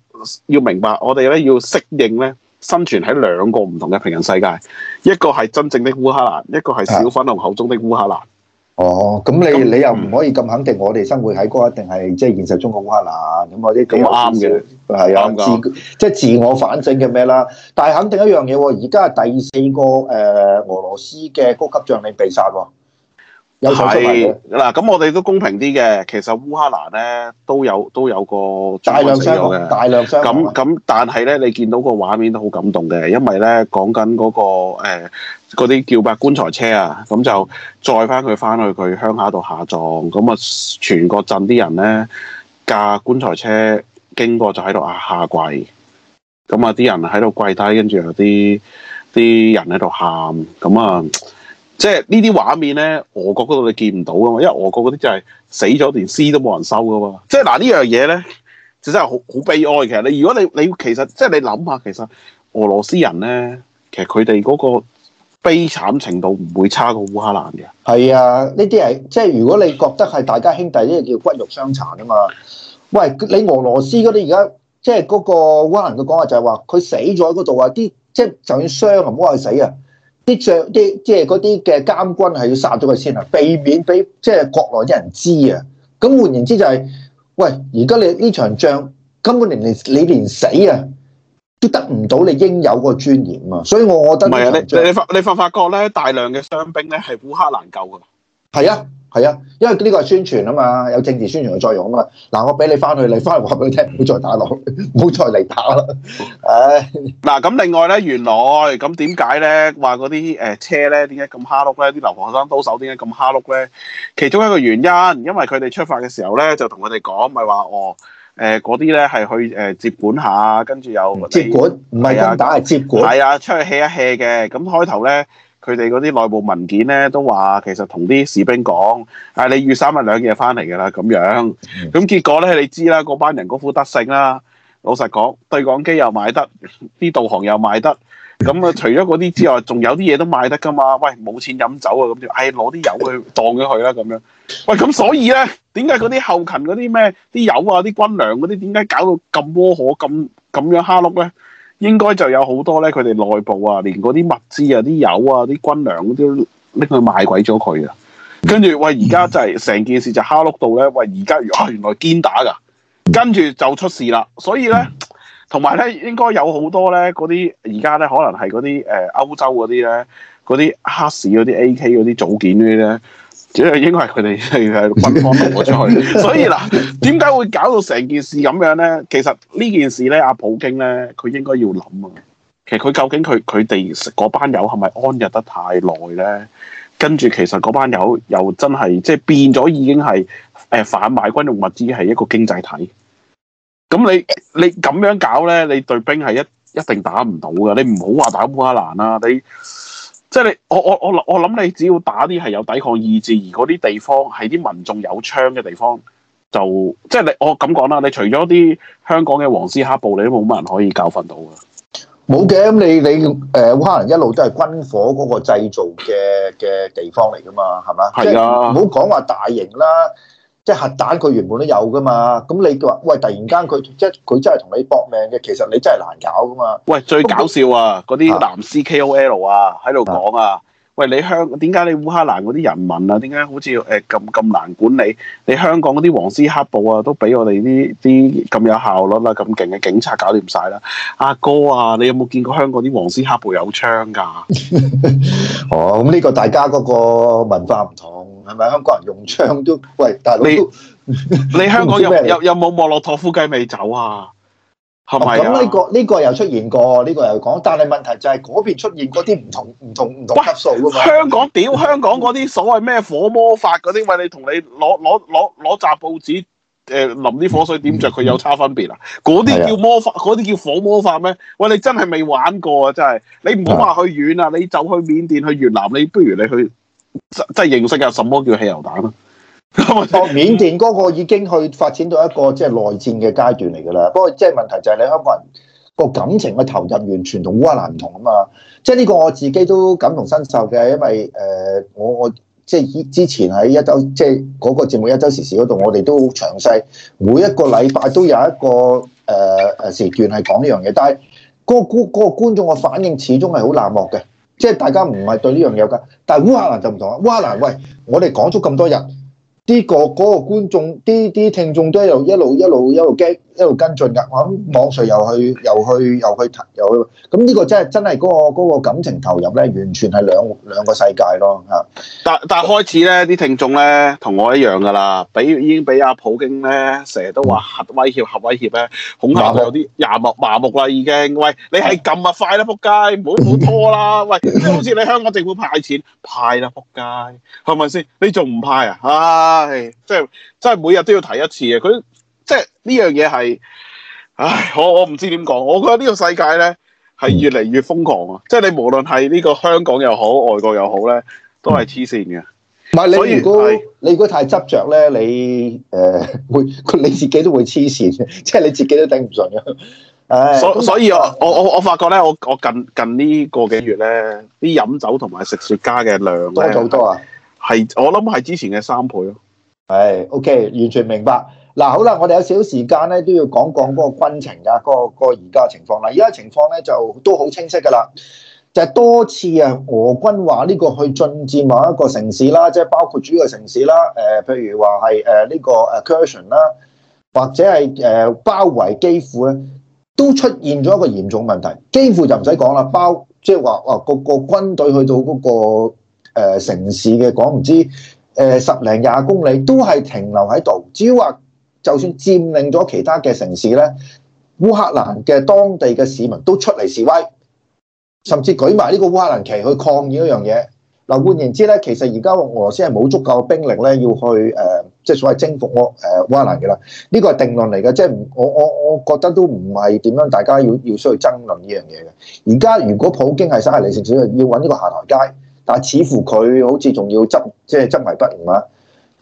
要明白，我哋咧要適應咧，生存喺兩個唔同嘅平行世界，一個係真正的烏克蘭，一個係小粉紅口中的烏克蘭。哦，咁你、嗯、你又唔可以咁肯定，我哋生活喺嗰一定係即係現實中嘅烏克蘭咁或者幾毫嘅，係啊，自即係、就是、自我反省嘅咩啦？但係肯定一樣嘢、哦，而家係第四個誒、呃、俄羅斯嘅高級將領被殺、哦。嗱，咁我哋都公平啲嘅。其實烏克蘭咧都有都有個有大量傷亡，大量傷。咁咁，但係咧，你見到個畫面都好感動嘅，因為咧講緊嗰個嗰啲、呃、叫白棺材車啊，咁就載翻佢翻去佢鄉下度下葬。咁啊，全個鎮啲人咧，架棺材車經過就喺度啊下跪，咁啊啲人喺度跪低，跟住有啲啲人喺度喊，咁啊～即係呢啲畫面咧，俄國嗰度你見唔到噶嘛？因為俄國嗰啲就係死咗，連屍都冇人收噶嘛。即係嗱呢樣嘢咧，就真係好好悲哀。其實你如果你你其實即係、就是、你諗下，其實俄羅斯人咧，其實佢哋嗰個悲慘程度唔會差過烏克蘭嘅。係啊，呢啲係即係如果你覺得係大家兄弟，呢叫骨肉相殘啊嘛。喂，你俄羅斯嗰啲而家即係嗰個烏克蘭嘅講話就係話佢死咗喺嗰度啊！啲即係就算傷啊，唔好話係死啊。啲將啲即係嗰啲嘅監軍係要殺咗佢先啊，避免俾即係國內啲人知啊。咁換言之就係、是，喂，而家你呢場仗根本你連你你連死啊，都得唔到你應有嗰個尊嚴啊。所以我覺得唔係啊，你你發你發唔發，發覺咧，大量嘅傷兵咧係烏克蘭救嘅，係啊。係啊，因為呢個係宣傳啊嘛，有政治宣傳嘅作用啊嘛。嗱，我俾你翻去，你翻去話俾佢聽，唔好再打落去，唔好再嚟打啦。唉、哎，嗱咁另外咧，原來咁點解咧，話嗰啲誒車咧，點解咁蝦碌咧？啲留學生刀手點解咁蝦碌咧？其中一個原因，因為佢哋出發嘅時候咧，就同我哋講，咪話哦，誒嗰啲咧係去誒、呃、接管下，跟住又接管，唔係啊，打，係接管，係啊，出去 hea 一 hea 嘅。咁開頭咧。佢哋嗰啲內部文件咧，都話其實同啲士兵講，啊、哎，你預三日兩夜翻嚟㗎啦，咁樣。咁結果咧，你知啦，嗰班人嗰副德性啦。老實講，對講機又賣得，啲導航又賣得。咁啊，除咗嗰啲之外，仲有啲嘢都賣得㗎嘛。喂，冇錢飲酒啊，咁就，唉、哎，攞啲油去當咗佢啦，咁樣。喂，咁所以咧，點解嗰啲後勤嗰啲咩，啲油啊，啲軍糧嗰啲，點解搞到咁窩火，咁咁樣蝦碌咧？應該就有好多咧，佢哋內部啊，連嗰啲物資啊、啲油啊、啲軍糧嗰啲拎去賣鬼咗佢啊！跟住喂，而家就係、是、成件事就蝦碌到咧，喂，而家、啊、原來堅打㗎，跟住就出事啦。所以咧，同埋咧，應該有好多咧，嗰啲而家咧，可能係嗰啲誒歐洲嗰啲咧，嗰啲黑市嗰啲 AK 嗰啲組件嗰啲咧。主要因為佢哋係軍方攞咗出去，所以嗱點解會搞到成件事咁樣咧？其實呢件事咧，阿普京咧，佢應該要諗啊。其實佢究竟佢佢哋嗰班友係咪安逸得太耐咧？跟住其實嗰班友又真係即係變咗已經係誒、呃、販賣軍用物資係一個經濟體。咁你你咁樣搞咧，你對兵係一一定打唔到㗎。你唔好話打烏克蘭啦，你。即係你，我我我諗，我諗你只要打啲係有抵抗意志，而嗰啲地方係啲民眾有槍嘅地方，就即係你我咁講啦。你除咗啲香港嘅黃絲黑暴，你都冇乜人可以教訓到嘅，嗯。冇嘅，咁你你誒烏克蘭一路都係軍火嗰個製造嘅嘅地方嚟㗎嘛，係咪？係是啊，就是，唔好講話大型啦。即係核彈，佢原本都有噶嘛。咁你話喂，突然間佢即佢真係同你搏命嘅，其實你真係難搞噶嘛。喂，最搞笑啊，嗰啲藍絲 KOL 啊，喺度講啊。喂，你香點解你烏克蘭嗰啲人民啊，點解好似誒咁咁難管理？你香港嗰啲黃絲黑暴啊，都俾我哋啲啲咁有效率啦，咁勁嘅警察搞掂晒啦。阿哥啊，你有冇見過香港啲黃絲黑暴有槍噶？哦，咁呢個大家嗰個文化唔同。係咪香港人用槍都？喂，大佬，你， 你香港有有有冇莫洛托夫雞尾酒啊？係咪啊？咁呢個呢、呢個又出現過，呢、呢個又講。但係問題就係嗰邊出現嗰啲唔同唔同唔同級數㗎嘛，香。香港屌香港嗰啲所謂咩火魔法嗰啲，餵 你同你攞攞攞攞扎報紙誒淋啲火水點着，佢有差分別啊？嗰啲 叫魔法，嗰啲叫火魔法咩？喂，你真係未玩過啊！真係你唔好話去遠啊，你就去緬甸、去越南，你不如你去。你去真真係認識下，什麼叫汽油彈啊？ 緬甸嗰個已經去發展到一個即係內戰嘅階段嚟噶啦。不過即係問題就係你香港人個感情嘅投入，完全同烏克蘭唔同啊嘛。即係呢個我自己都感同身受嘅，因為誒、呃、我我即係、就是、之前喺一週即係嗰個節目《一週時事》嗰度，我哋都好詳細每一個禮拜都有一個誒誒、呃、時段係講呢樣嘢，但係嗰、那個觀嗰、那個觀眾嘅反應始終係好冷漠嘅。即係大家唔係對呢樣嘢㗎，但係烏克蘭就唔同啦。烏克蘭喂，我哋講咗咁多日，啲個嗰個觀眾，啲啲聽眾都一路一路一路一路激。一路跟進㗎，我諗網上又去又去又去又去，咁呢個真係真係嗰個嗰個感情投入咧，完全係兩兩個世界咯。係，但但係開始咧啲聽眾咧同我一樣㗎啦，俾已經俾阿普京咧成日都話核威脅核威脅咧，恐怕有啲麻木麻木啦已經。喂，你係撳咪快啦，撲街，唔好好拖啦。喂，好似你香港政府派錢派啦，撲街，係咪先？你仲唔派啊？唉，即係即係每日都要提一次嘅佢。即係呢樣嘢係，唉，我我唔知點講，我覺得呢個世界咧係越嚟越瘋狂啊！即係你無論係呢個香港又好，外國又好咧，都係黐線嘅。唔係你如果你如果太執着咧，你誒會你自己都會黐線嘅，即係你自己都頂唔順啊。唉，所所以啊，我我我發覺咧，我我近近呢個幾月咧，啲飲酒同埋食雪茄嘅量多好多啊！係我諗係之前嘅三倍咯。係，OK，完全明白。嗱好啦，我哋有少少時間咧，都要講講嗰個軍情噶、啊，嗰個而家嘅情況啦。而家情況咧就都好清晰噶啦，就係、是、多次啊俄軍話呢個去進佔某一個城市啦，即係包括主要城市啦。誒、呃，譬如話係誒呢個誒 Kherson 啦，或者係誒包圍基輔咧，都出現咗一個嚴重問題。基輔就唔使講啦，包即係話啊個個軍隊去到嗰、那個、呃、城市嘅，講唔知誒十零廿公里都係停留喺度，只要話。就算佔領咗其他嘅城市咧，烏克蘭嘅當地嘅市民都出嚟示威，甚至舉埋呢個烏克蘭旗去抗議一樣嘢。嗱，換言之咧，其實而家俄羅斯係冇足夠兵力咧，要去誒，即係所謂征服我誒烏克蘭嘅啦。呢個係定論嚟嘅，即係我我我覺得都唔係點樣，大家要要需要爭論呢樣嘢嘅。而家如果普京係真係理性少少，要揾呢個下台階，但係似乎佢好似仲要執即係執迷不悟啊！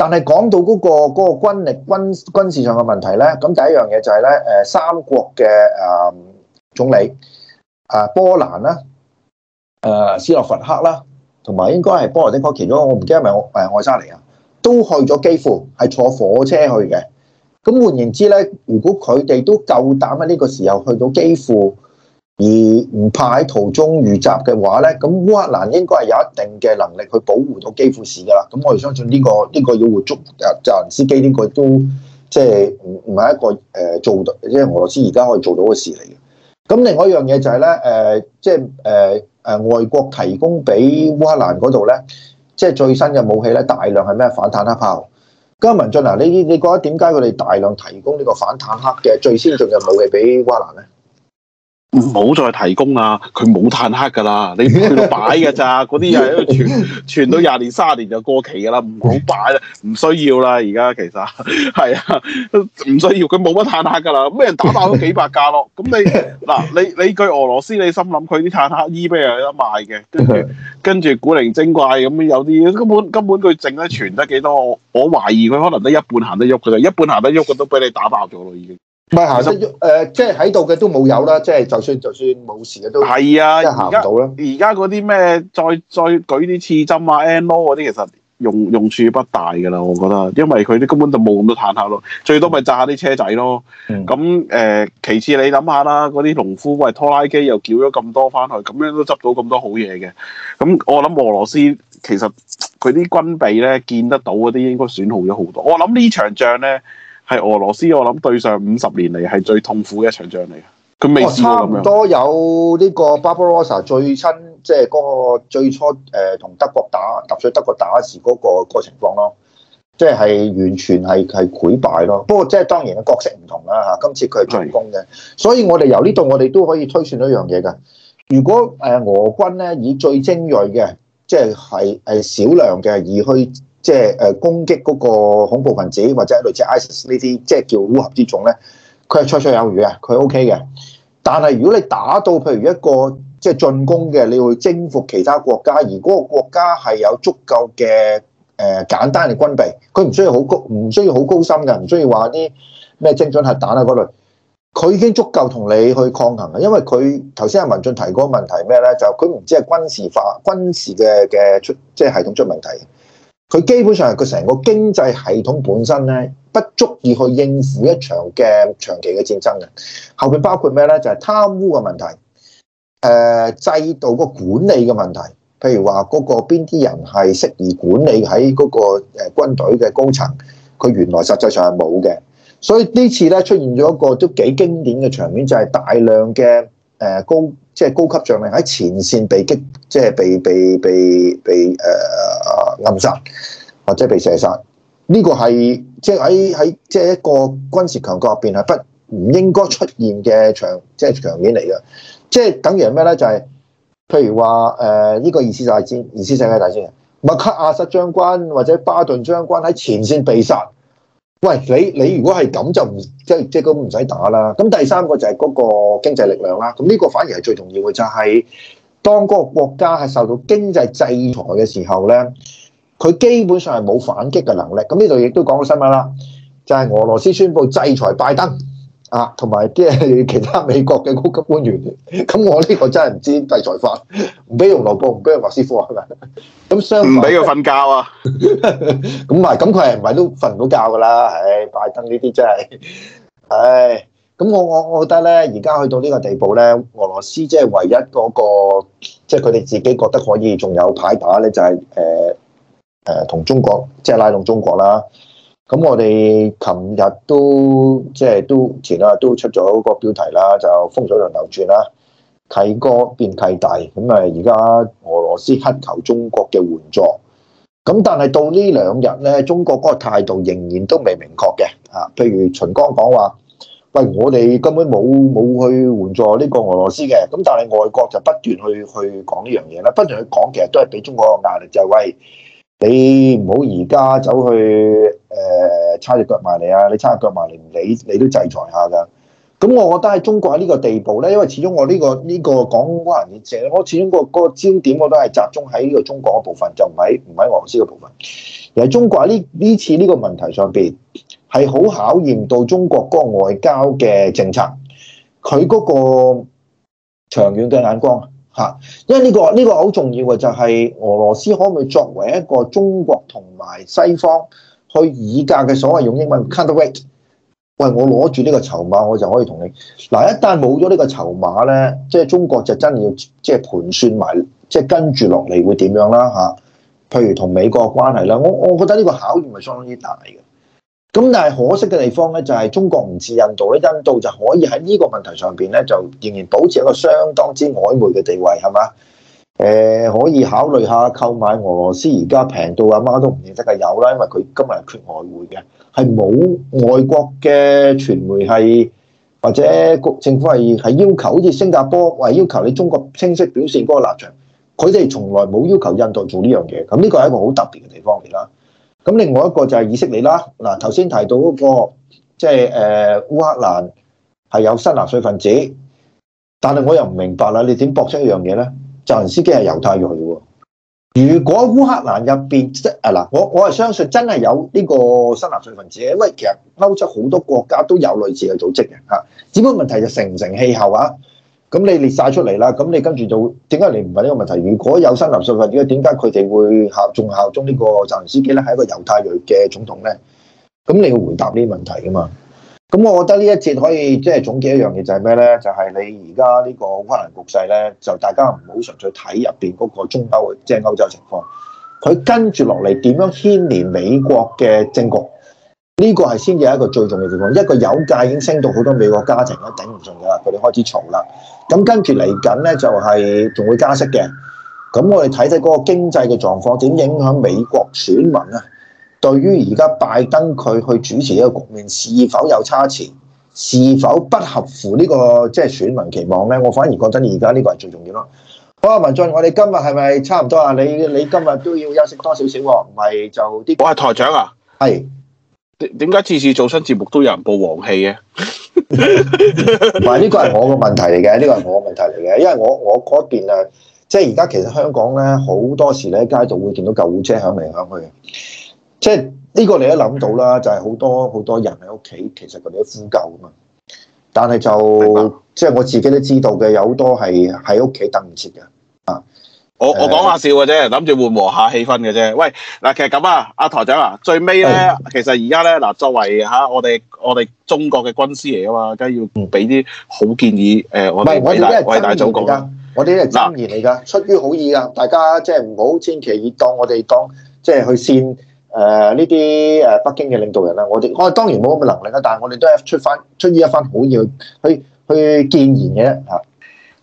但係講到嗰、那個嗰、那個、軍力軍軍事上嘅問題咧，咁第一樣嘢就係咧，誒三國嘅誒、嗯、總理啊，波蘭啦、啊，誒、啊、斯洛伐克啦、啊，同埋應該係波羅的國其中，我唔記得係咪誒愛沙尼亞，都去咗基輔，係坐火車去嘅。咁換言之咧，如果佢哋都夠膽喺呢個時候去到基輔。而唔怕喺途中遇襲嘅話咧，咁烏克蘭應該係有一定嘅能力去保護到基輔市噶啦。咁我哋相信呢、這個呢、這個要活捉誒，澤連斯基呢個都即係唔唔係一個誒做到，即、就、係、是、俄羅斯而家可以做到嘅事嚟嘅。咁另外一樣嘢就係、是、咧，誒、呃，即係誒誒，外國提供俾烏克蘭嗰度咧，即、就、係、是、最新嘅武器咧，大量係咩反坦克炮。咁文進啊，你你覺得點解佢哋大量提供呢個反坦克嘅最先進嘅武器俾烏克蘭咧？唔好再提供啦！佢冇碳黑噶啦，你去擺 到擺噶咋？嗰啲又喺度存存到廿年、三十年就過期噶啦，唔好擺啦，唔需要啦。而家其實係啊，唔需要，佢冇乜碳黑噶啦。咩人打爆咗幾百架咯？咁你嗱，你你句俄羅斯，你心諗佢啲碳黑 eBay 有得賣嘅？ 跟住跟住古靈精怪咁，有啲根本根本佢剩得存得幾多？我我懷疑佢可能得一半行得喐噶啦，一半行得喐佢都俾你打爆咗咯，已經。唔係行得，誒，即係喺度嘅都冇有啦。嗯、即係就算就算冇事嘅都係啊，行唔到啦。而家嗰啲咩，再再舉啲刺針啊、N 咯嗰啲，其實用用處不大嘅啦。我覺得，因為佢啲根本就冇咁多坦克咯，最多咪炸啲車仔咯。咁誒、嗯呃，其次你諗下啦，嗰啲農夫喂拖拉機又叫咗咁多返去，咁樣都執到咁多好嘢嘅。咁我諗俄羅斯其實佢啲軍備咧，見得到嗰啲應該損耗咗好多。我諗呢場仗咧。係俄羅斯，我諗對上五十年嚟係最痛苦嘅一場仗嚟嘅，佢未差唔多有呢個巴巴羅莎最親，即係嗰個最初誒同、呃、德國打，踏水德國打時嗰、那個嗰、那個情況咯，即係完全係係潰敗咯。不過即係當然嘅角色唔同啦、啊、吓，今次佢係進攻嘅，是的 所以我哋由呢度我哋都可以推算一樣嘢噶。如果誒、呃、俄軍咧以最精銳嘅，即係係誒少量嘅而去。即係誒攻擊嗰個恐怖分子或者類似 ISIS 呢啲，即係叫烏合之眾咧，佢係綽綽有餘啊，佢 OK 嘅。但係如果你打到譬如一個即係進攻嘅，你會征服其他國家，而嗰個國家係有足夠嘅誒簡單嘅軍備，佢唔需要好高唔需要好高深嘅，唔需要話啲咩精準核彈啊嗰類，佢已經足夠同你去抗衡啦。因為佢頭先阿文進提嗰個問題咩咧，就佢唔知係軍事化軍事嘅嘅出即係系統出問題。佢基本上係佢成個經濟系統本身咧，不足以去應付一場嘅長期嘅戰爭嘅。後邊包括咩咧？就係、是、貪污嘅問題，誒、呃、制度個管理嘅問題，譬如話嗰個邊啲人係適宜管理喺嗰個誒軍隊嘅高層，佢原來實際上係冇嘅。所以次呢次咧出現咗一個都幾經典嘅場面，就係、是、大量嘅誒、呃、高即係、就是、高級將領喺前線被擊，即、就、係、是、被被被被誒。呃暗殺或者被射殺，呢、這個係即係喺喺即係一個軍事強國入邊係不唔應該出現嘅場即係場面嚟嘅，即係等於咩咧？就係、是就是就是、譬如話誒呢個二次就係大戰二次世界大戰啊，麥克阿瑟將軍或者巴頓將軍喺前線被殺，喂你你如果係咁就唔即係即係都唔使打啦。咁第三個就係嗰個經濟力量啦。咁呢個反而係最重要嘅就係、是。當嗰個國家係受到經濟制裁嘅時候咧，佢基本上係冇反擊嘅能力。咁呢度亦都講到新聞啦，就係、是、俄羅斯宣布制裁拜登啊，同埋即係其他美國嘅高級官員。咁我呢個真係唔知制裁法，唔俾用盧布，唔俾用莫斯科係咪？咁 相反唔俾佢瞓覺啊？咁咪咁佢係唔係都瞓唔到覺噶啦？唉、哎，拜登呢啲真係，唉、哎。咁我我我覺得咧，而家去到呢個地步咧，俄羅斯即係唯一嗰、那個，即係佢哋自己覺得可以仲有牌打咧，就係誒誒同中國即係、就是、拉攏中國啦。咁我哋琴日都即係、就是、都前兩日都出咗個標題啦，就風水輪流轉啦，契哥變契弟，咁啊而家俄羅斯乞求中國嘅援助。咁但係到兩呢兩日咧，中國嗰個態度仍然都未明確嘅啊。譬如秦剛講話。喂，我哋根本冇冇去援助呢個俄羅斯嘅，咁但係外國就不斷去去講呢樣嘢啦。不斷去講，其實都係俾中國壓力就係，喂，你唔好而家走去誒叉隻腳埋嚟啊！你叉隻腳埋嚟，你你都制裁下噶。咁我覺得喺中國呢個地步咧，因為始終我呢、呢個呢、呢個講話熱情，我始終個個焦點我都係集中喺呢個中國嘅部分，就唔喺唔喺俄羅斯嘅部分。而係中國呢呢次呢個問題上邊。係好考驗到中國嗰個外交嘅政策，佢嗰個長遠嘅眼光嚇，因為呢、呢個呢、呢個好重要嘅就係、是、俄羅斯可唔可以作為一個中國同埋西方去議價嘅所謂用英文 counterweight，喂，我攞住呢個籌碼，我就可以同你嗱。一旦冇咗呢個籌碼咧，即係中國就真係要即係盤算埋即係跟住落嚟會點樣啦嚇，譬如同美國嘅關係啦，我我覺得呢個考驗係相當之大嘅。咁但係可惜嘅地方咧，就係中國唔似印度咧，印度就可以喺呢個問題上邊咧，就仍然保持一個相當之曖昧嘅地位，係嘛？誒、呃，可以考慮下購買俄羅斯而家平到阿媽都唔認得嘅油啦，因為佢今日缺外匯嘅，係冇外國嘅傳媒係或者政府係係要求，好似新加坡話要求你中國清晰表示嗰個立場，佢哋從來冇要求印度做呢樣嘢，咁呢個係一個好特別嘅地方嚟啦。咁另外一個就係以色列啦，嗱頭先提到嗰個即係誒烏克蘭係有新納粹分子，但係我又唔明白啦，你點駁出一樣嘢咧？就人司機係猶太裔喎。如果烏克蘭入邊即係啊嗱，我我係相信真係有呢個新納粹分子嘅，因為其實歐洲好多國家都有類似嘅組織嘅嚇，只不過問題就成唔成氣候啊？咁你列晒出嚟啦，咁你跟住就點解你唔問呢個問題？如果有新納粹份子，點解佢哋會效仲效忠個呢個澤連斯基咧？係一個猶太裔嘅總統咧？咁你要回答呢啲問題噶嘛？咁我覺得呢一節可以即係、就是、總結一樣嘢就係咩咧？就係、是、你而家呢個烏克蘭局勢咧，就大家唔好純粹睇入邊嗰個中歐即係、就是、歐洲情況，佢跟住落嚟點樣牽連美國嘅政局？呢個係先至係一個最重要嘅地方。一個油價已經升到好多美國家庭都頂唔順㗎啦，佢哋開始嘈啦。咁跟住嚟緊咧，就係、是、仲會加息嘅。咁我哋睇睇嗰個經濟嘅狀況點影響美國選民啊？對於而家拜登佢去主持呢個局面是否有差池，是否不合乎呢、這個即係、就是、選民期望咧？我反而覺得而家呢個係最重要咯。好啊，文進，我哋今日係咪差唔多啊？你你今日都要休息多少少喎？唔係就啲我係台長啊，係。點解次次做新節目都有人報黃氣嘅？唔係呢個係我嘅問題嚟嘅，呢個係我嘅問題嚟嘅，因為我我嗰邊啊，即係而家其實香港咧好多時咧，街道會見到救護車響嚟響去嘅，即係呢個你一諗到啦，的就係好多好多人喺屋企，其實佢哋都呼救噶嘛，但係就的即係我自己都知道嘅，有好多係喺屋企等唔切嘅。我我講下笑嘅啫，諗住緩和下氣氛嘅啫。喂，嗱，其實咁啊，阿台長啊，最尾咧，其實而家咧，嗱，作為嚇我哋我哋中國嘅軍師嚟啊嘛，梗係要唔俾啲好建議。誒，唔係，我哋啲係建議嚟噶，我啲係建言嚟噶，啊、出於好意啊！大家即係唔好千祈以當我哋當即係去扇誒呢啲誒北京嘅領導人啦！我哋我哋當然冇咁嘅能力啊，但係我哋都係出翻出於一番好意去去去建言嘅嚇。啊。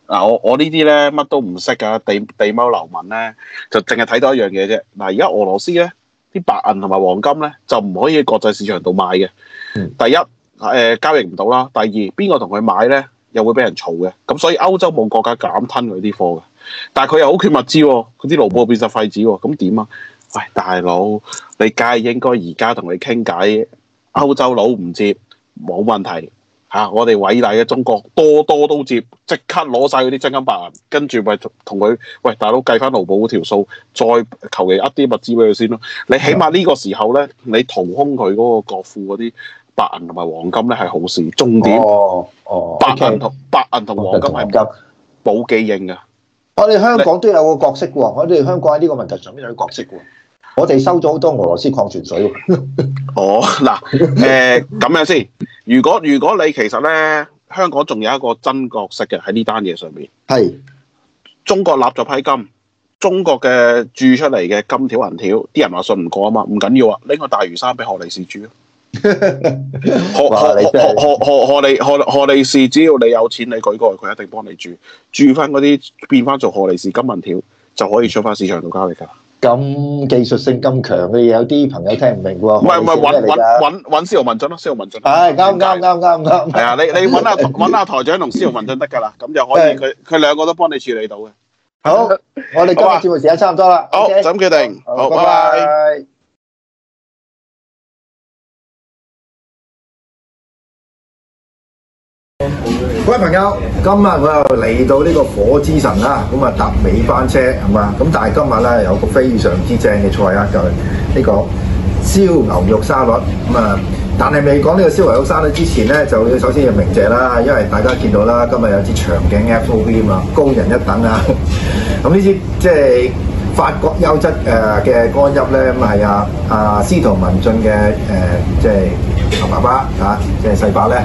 嗱，我我呢啲咧，乜都唔識噶，地地踎流民咧，就淨係睇到一樣嘢啫。嗱，而家俄羅斯咧，啲白銀同埋黃金咧，就唔可以喺國際市場度賣嘅。第一，誒、呃、交易唔到啦；第二，邊個同佢買咧，又會俾人嘈嘅。咁所以歐洲冇國家敢吞佢啲貨嘅，但係佢又好缺物資喎、哦，佢啲盧布變晒廢紙喎，咁點啊？喂、哎，大佬，你梗係應該而家同佢傾偈，歐洲佬唔接，冇問題。吓、啊！我哋偉大嘅中國多多都接，即刻攞晒嗰啲真金白銀，跟住喂同佢喂大佬計翻勞保嗰條數，再求其呃啲物資俾佢先咯。你起碼呢個時候咧，你掏空佢嗰個國庫嗰啲白銀同埋黃金咧係好事。重點、哦哦白，白銀同、哦哦 okay, 白銀同黃金係保記應嘅。我哋、哦、香港都有個角色喎，我哋你香港喺呢個問題上邊有個角色喎。你我哋收咗好多俄羅斯礦泉水喎。 哦嗱，誒咁樣先。呃呃呃呃呃呃呃如果如果你其實咧，香港仲有一個真角色嘅，喺呢單嘢上面係是中國立咗批金，中國嘅鑄出嚟嘅金條銀條，啲人話信唔過啊嘛，唔緊要啊，拎個大魚生俾賀利氏鑄咯。賀賀賀賀利賀利氏，只要你有錢，你舉過，佢一定幫你鑄鑄翻嗰啲變翻做賀利氏金銀條，就可以出翻市場度交易噶。咁技術性咁強嘅有啲朋友聽唔明喎。唔係唔係，揾揾揾司徒文進咯，司徒文進。係，啱啱啱啱啱，係啊，你你揾下揾下台長同司徒文進得㗎啦，咁就可以佢佢兩個都幫你處理到嘅。好，我哋今日節目時間差唔多啦。好，就咁決定。好，拜拜。各位朋友，今日我又嚟到呢個火之神啦，咁啊搭尾班車係嘛，咁但係今日咧有個非常之正嘅菜啊，就係呢個燒牛肉沙律。咁啊，但係未講呢個燒牛肉沙律之前咧，就要首先要鳴謝啦，因為大家見到啦，今日有支長頸 F O B 啊，高人一等啊，咁呢支即係。法國優質誒嘅干邑咧，咁啊係啊啊司徒文進嘅誒，即係阿爸爸嚇，即係細伯咧，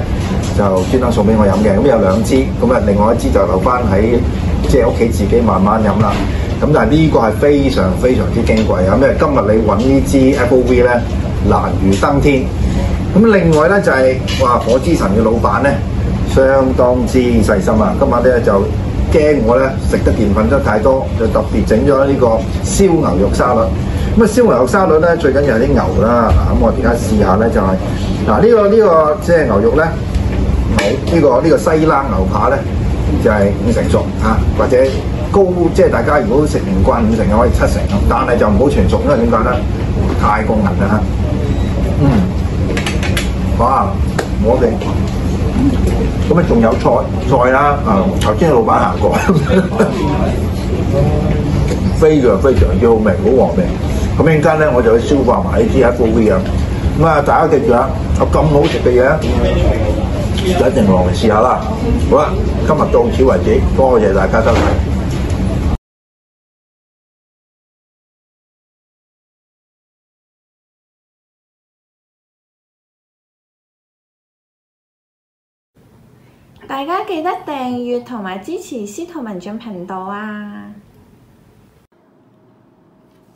就專登送俾我飲嘅，咁、嗯、有兩支，咁、嗯、啊另外一支就留返喺即係屋企自己慢慢飲啦。咁、嗯、但係呢個係非常非常之矜貴啊！咩、嗯？今日你揾呢支 F.O.V 咧，難如登天。咁、嗯、另外咧就係、是、哇，火之神嘅老闆咧相當之細心啊！今晚咧就～驚我咧食得澱粉質太多，就特別整咗呢個燒牛肉沙律。咁啊，燒牛肉沙律咧最緊要係啲牛啦。咁、啊、我而家試下咧就係、是、嗱，呢、啊呢個呢、呢個即係、就是、牛肉咧冇呢牛、呢個呢、呢個西冷牛扒咧就係、是、五成熟啊，或者高即係、就是、大家如果食唔慣五成嘅可以七成，但係就唔好全熟，因為點解咧太過韌啦嚇。嗯，哇，我哋～咁啊，仲有菜菜啦，啊、嗯！頭先個老闆行過， 非常非常之好味，好和味。咁陣間咧，我就去消化埋啲喺庫 v 啊。咁啊，大家記住啊，有咁好食嘅嘢，大一定落嚟試下啦。好啦，今日到此為止，多謝大家收睇。大家記得訂閱同埋支持司徒文進頻道啊！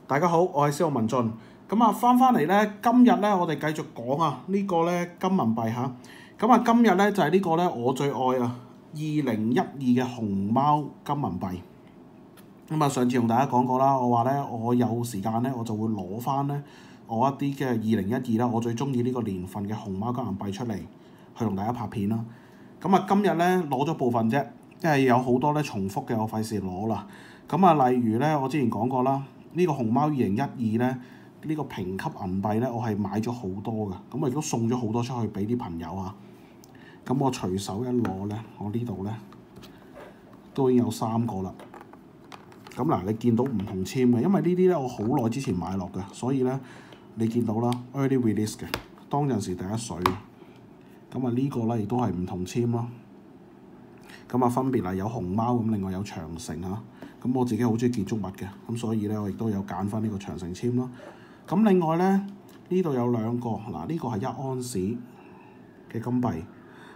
大家好，我係司徒文進。咁啊，翻翻嚟咧，今日咧，我哋繼續講啊，呢個咧，金銀幣吓。咁啊，今日咧就係呢個咧，我最愛啊，二零一二嘅熊貓金銀幣。咁啊，上次同大家講過啦，我話咧，我有時間咧，我就會攞翻咧我一啲嘅二零一二啦，我最中意呢個年份嘅熊貓金銀幣出嚟，去同大家拍片啦。咁啊，今日咧攞咗部分啫，即係有好多咧重複嘅，我費事攞啦。咁啊，例如咧，我之前講過啦，呢個熊貓二零一二咧，呢個評級銀幣咧，我係買咗好多嘅，咁我亦都送咗好多出去俾啲朋友啊。咁我隨手一攞咧，我呢度咧，都已經有三個啦。咁嗱，你見到唔同簽嘅，因為呢啲咧我好耐之前買落嘅，所以咧你見到啦 early release 嘅，當陣時第一水。咁啊，呢個咧亦都係唔同籤咯。咁啊，分別啊有熊貓咁，另外有長城啊。咁我自己好中意建築物嘅，咁所以咧我亦都有揀翻呢個長城籤咯。咁另外咧呢度有兩個嗱，呢、啊呢個係一安士嘅金幣，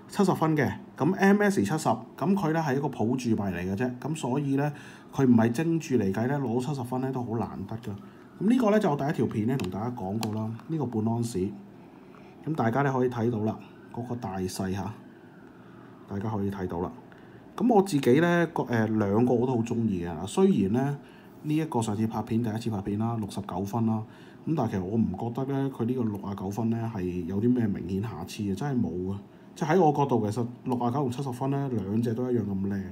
七十分嘅。咁 M S 七十，咁佢咧係一個普住幣嚟嘅啫。咁所以咧佢唔係精注嚟計咧，攞七十分咧都好難得㗎。咁呢個咧就我第一條片咧同大家講過啦。呢、呢個半安士咁大家咧可以睇到啦。嗰個大細嚇，大家可以睇到啦。咁我自己咧，個誒兩個我都好中意嘅。嗱，雖然咧呢一個上次拍片，第一次拍片啦，六十九分啦。咁但係其實我唔覺得咧，佢呢個六啊九分咧係有啲咩明顯瑕疵嘅，真係冇啊。即係喺我角度其實六啊九同七十分咧，兩隻都一樣咁靚。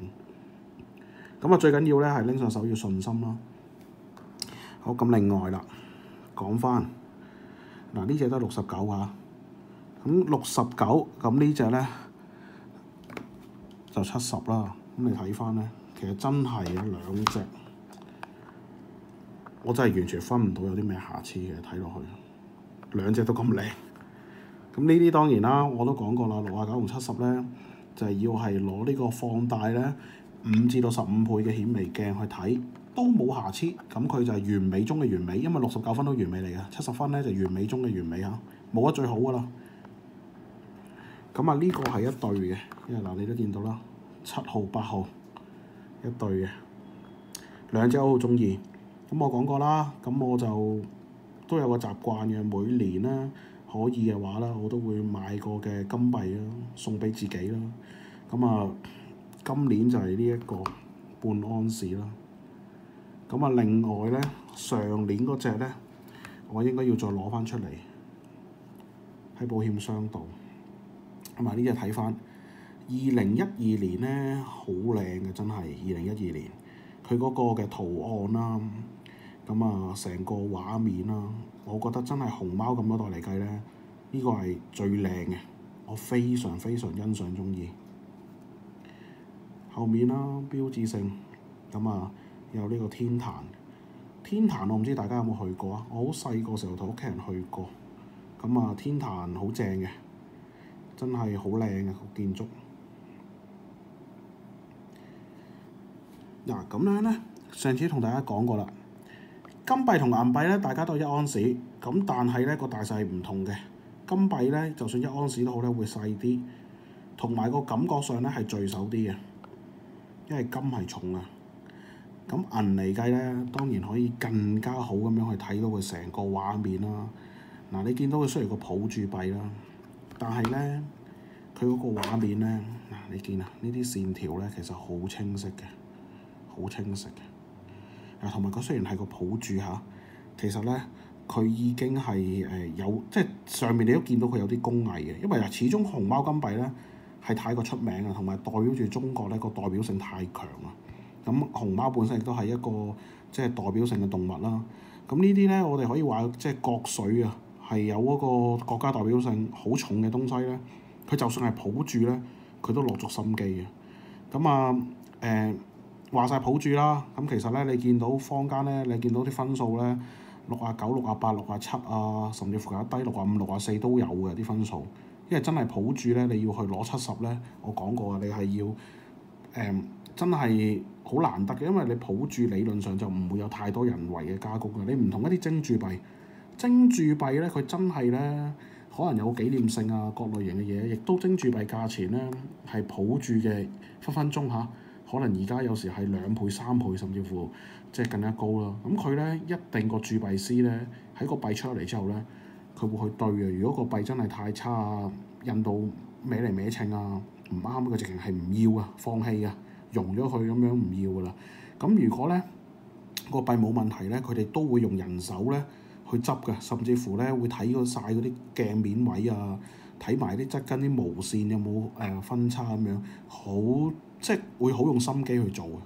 咁啊，最緊要咧係拎上手要信心啦。好，咁另外啦，講翻嗱，呢隻都六十九嚇。咁六十九咁呢隻呢，就七十啦。咁你睇翻呢，其實真係有兩隻，我真係完全分唔到有啲咩瑕疵嘅。睇落去兩隻都咁靚，咁呢啲當然啦，我都講過啦，六啊九同七十呢，就係要係攞呢個放大呢，五至到十五倍嘅顯微鏡去睇都冇瑕疵。咁佢就係完美中嘅完美，因為六十九分都完美嚟嘅，七十分呢，就完美中嘅完美呀，冇得最好㗎啦。咁啊，呢個係一對嘅，因為嗱，你都見到啦，七號八號一對嘅，兩隻我都好中意。咁我講過啦，咁我就都有個習慣嘅，每年咧可以嘅話咧，我都會買過嘅金幣咯，送俾自己啦。咁啊，今年就係呢一個半安士啦。咁啊，另外咧，上年嗰隻咧，我應該要再攞翻出嚟喺保險箱度。同埋呢隻睇返，二零一二年咧，好靚嘅，真係，二零一二年佢嗰個嘅圖案啦，咁啊成個畫面啦，我覺得真係熊貓咁多代嚟計咧，呢個係最靚嘅，我非常非常欣賞鍾意。後面啦，標誌性，咁啊有呢個天壇，天壇我唔知大家有冇去過啊，我好細個時候同屋企人去過，咁啊天壇好正嘅。真係好靚嘅個建築。嗱咁樣咧，上次同大家講過啦，金幣同銀幣咧，大家都係一安士，咁但係咧個大細唔同嘅。金幣咧，就算一安士都好咧，會細啲，同埋個感覺上咧係墜手啲嘅，因為金係重啊。咁銀嚟計咧，當然可以更加好咁樣去睇到佢成個畫面啦。嗱，你見到佢雖然個抱住幣啦。但係咧，佢嗰個畫面咧，嗱你見啊，呢啲線條咧其實好清晰嘅，好清晰嘅。啊，同埋佢雖然係個抱住嚇，其實咧佢已經係誒有，即係上面你都見到佢有啲工藝嘅。因為啊，始終熊貓金幣咧係太過出名啊，同埋代表住中國咧，個代表性太強啊。咁熊貓本身亦都係一個即係代表性嘅動物啦。咁呢啲咧，我哋可以話即係國粹啊。係有嗰個國家代表性好重嘅東西咧，佢就算係抱住咧，佢都落足心機嘅。咁啊，誒話晒抱住啦。咁其實咧，你見到坊間咧，你見到啲分數咧，六啊九、六啊八、六啊七啊，甚至乎有低六啊五、六啊四都有嘅啲分數。因為真係抱住咧，你要去攞七十咧，我講過嘅，你係要誒、嗯、真係好難得嘅，因為你抱住理論上就唔會有太多人為嘅加工啦。你唔同一啲精鑄幣。精鑄幣咧，佢真係咧，可能有紀念性啊，各類型嘅嘢，亦都精鑄幣價錢咧係抱住嘅分分鐘嚇、啊。可能而家有時係兩倍、三倍，甚至乎即係更加高啦。咁佢咧，一定個鑄幣師咧喺個幣出嚟之後咧，佢會去對啊。如果個幣真係太差啊，印到歪嚟歪稱啊，唔啱嘅直情係唔要啊，放棄啊，融咗佢咁樣唔要㗎啦。咁、嗯、如果咧個幣冇問題咧，佢哋都會用人手咧。去執㗎，甚至乎咧會睇嗰曬嗰啲鏡面位啊，睇埋啲側邊啲毛線有冇誒、呃、分叉咁樣，好即係會好用心機去做嘅。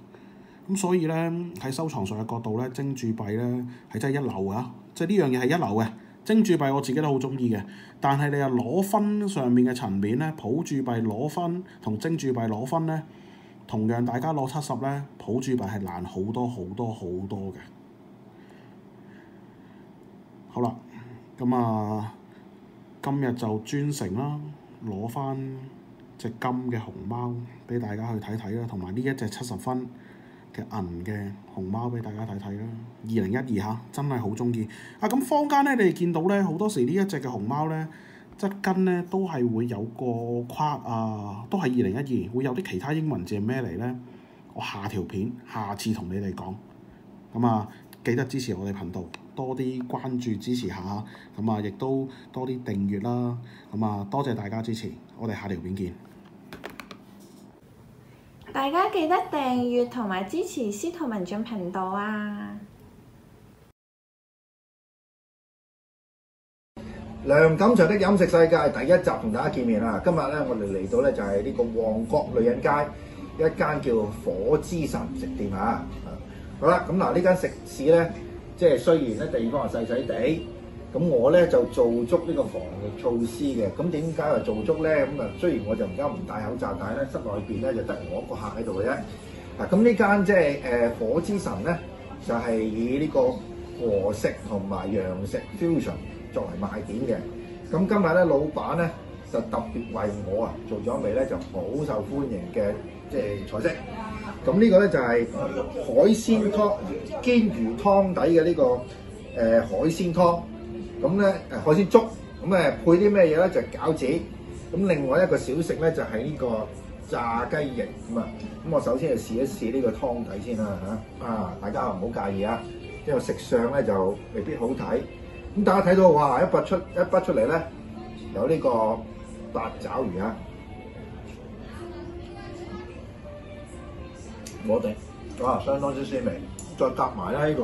咁、嗯、所以咧喺收藏上嘅角度咧，精鑄幣咧係真係一流啊！即係呢樣嘢係一流嘅。精鑄幣我自己都好中意嘅，但係你又攞分上面嘅層面咧，普鑄幣攞分同精鑄幣攞分咧，同樣大家攞七十咧，普鑄幣係難好多好多好多嘅。好啦，咁、嗯、啊，今日就專程啦，攞翻隻金嘅熊貓俾大家去睇睇啦，同埋呢一隻七十分嘅銀嘅熊貓俾大家睇睇啦。二零一二嚇，真係好中意啊！咁坊間咧，你哋見到咧，好多時呢一隻嘅熊貓咧，質根咧都係會有個框啊，都係二零一二，會有啲其他英文字係咩嚟咧？我下條片下次同你哋講，咁、嗯、啊，記得支持我哋頻道。多啲關注支持下，咁啊，亦都多啲訂閱啦，咁啊，多謝大家支持，我哋下條片見。大家記得訂閱同埋支持司徒文進頻道啊！梁錦祥的飲食世界第一集同大家見面啦！今日咧，我哋嚟到咧就係呢個旺角女人街一間叫火之神食店啊！好啦，咁嗱，呢間食肆咧。即係雖然咧，地方係細細地，咁我咧就做足呢個防疫措施嘅。咁點解又做足咧？咁啊，雖然我就而家唔戴口罩，但係咧室內邊咧就得我一個客喺度嘅啫。嗱，咁呢間即係誒火之神咧，就係、是、以呢個和食同埋洋食 fusion 作為賣點嘅。咁今日咧，老闆咧就特別為我啊做咗一味咧，就好受歡迎嘅。即係菜式，咁呢個咧就係海鮮湯，鰹魚湯底嘅呢、這個誒、呃、海鮮湯，咁咧誒海鮮粥，咁、嗯、誒配啲咩嘢咧？就係、是、餃子，咁、嗯、另外一個小食咧就係、是、呢個炸雞翼咁啊。咁、嗯、我首先就試一試呢個湯底先啦嚇，啊大家唔好介意啊，因為食相咧就未必好睇。咁、嗯、大家睇到哇一拔出一筆出嚟咧，有呢個八爪魚啊！我哋哇，相當之鮮味，再夾埋咧呢個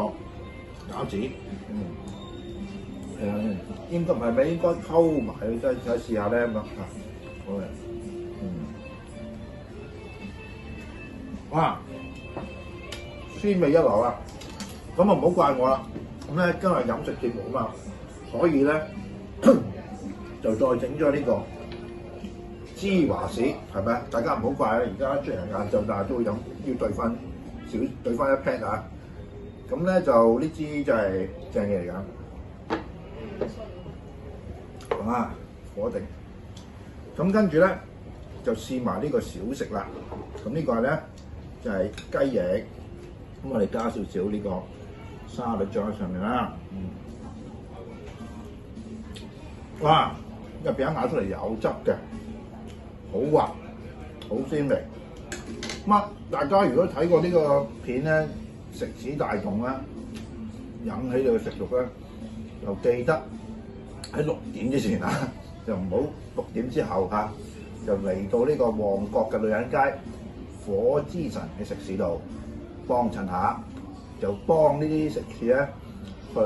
餃子，嗯，係啊，應該唔係咪，應該溝埋，真係想試下咧咁啊，好嘅，嗯，哇、嗯，嗯嗯、鮮味一流啊，咁啊唔好怪我啦，咁咧今日飲食節目啊嘛，所以咧就再整咗呢個。芝華士係咪啊？大家唔好怪啊！而家出嚟晏晝，但係都會飲，要兌翻少，兌翻一 pat 啊！咁咧就呢支就係正嘢嚟㗎。咁信啊！火定。咁跟住咧就試埋呢個小食啦。咁呢個咧就係、係、雞翼。咁我哋加少少呢個沙律醬喺上面啦。哇、嗯！一、啊、餅咬出嚟有汁嘅。好滑，好鮮味。咁、啊、大家如果睇過呢個片咧，食肆大眾咧，引起呢個食欲，咧，就記得喺六點之前啊，就唔好六點之後嚇、啊，就嚟到呢個旺角嘅女人街火之神嘅食肆度幫襯下，就幫呢啲食肆咧去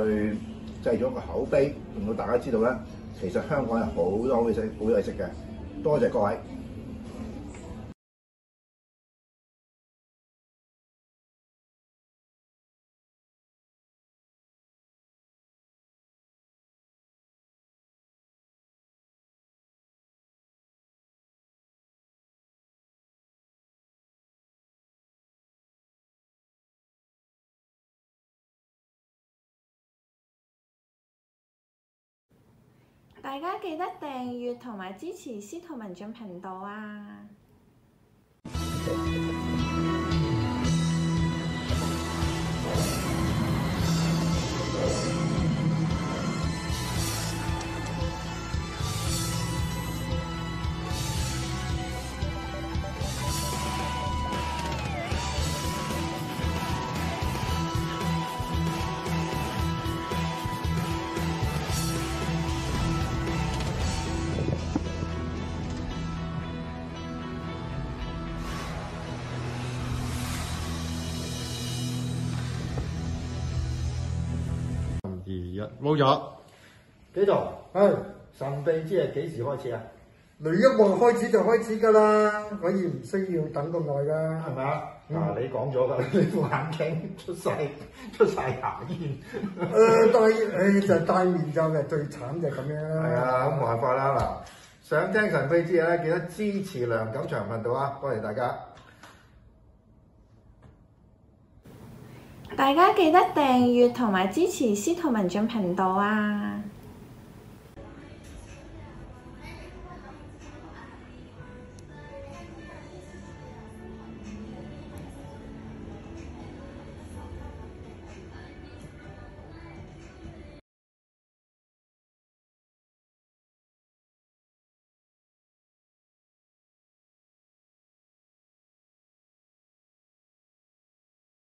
製咗個口碑，令到大家知道咧，其實香港有好多好嘢食，好嘢食嘅。多謝各位。大家記得訂閱同埋支持司徒文進頻道啊！冇咗，幾多度？誒、哎，神秘之日幾時開始啊？雷一望開始就開始噶啦，可以唔需要等咁耐噶，係咪、嗯、啊？嗱，你講咗噶，你副眼鏡出晒出晒牙煙，誒戴誒就是、戴面罩嘅，最慘就係咁樣啦。係啊，咁冇辦法啦嗱。想聽神秘之日咧，記得支持梁錦祥頻道啊，多謝大家。大家記得訂閱同埋支持司徒文進頻道啊！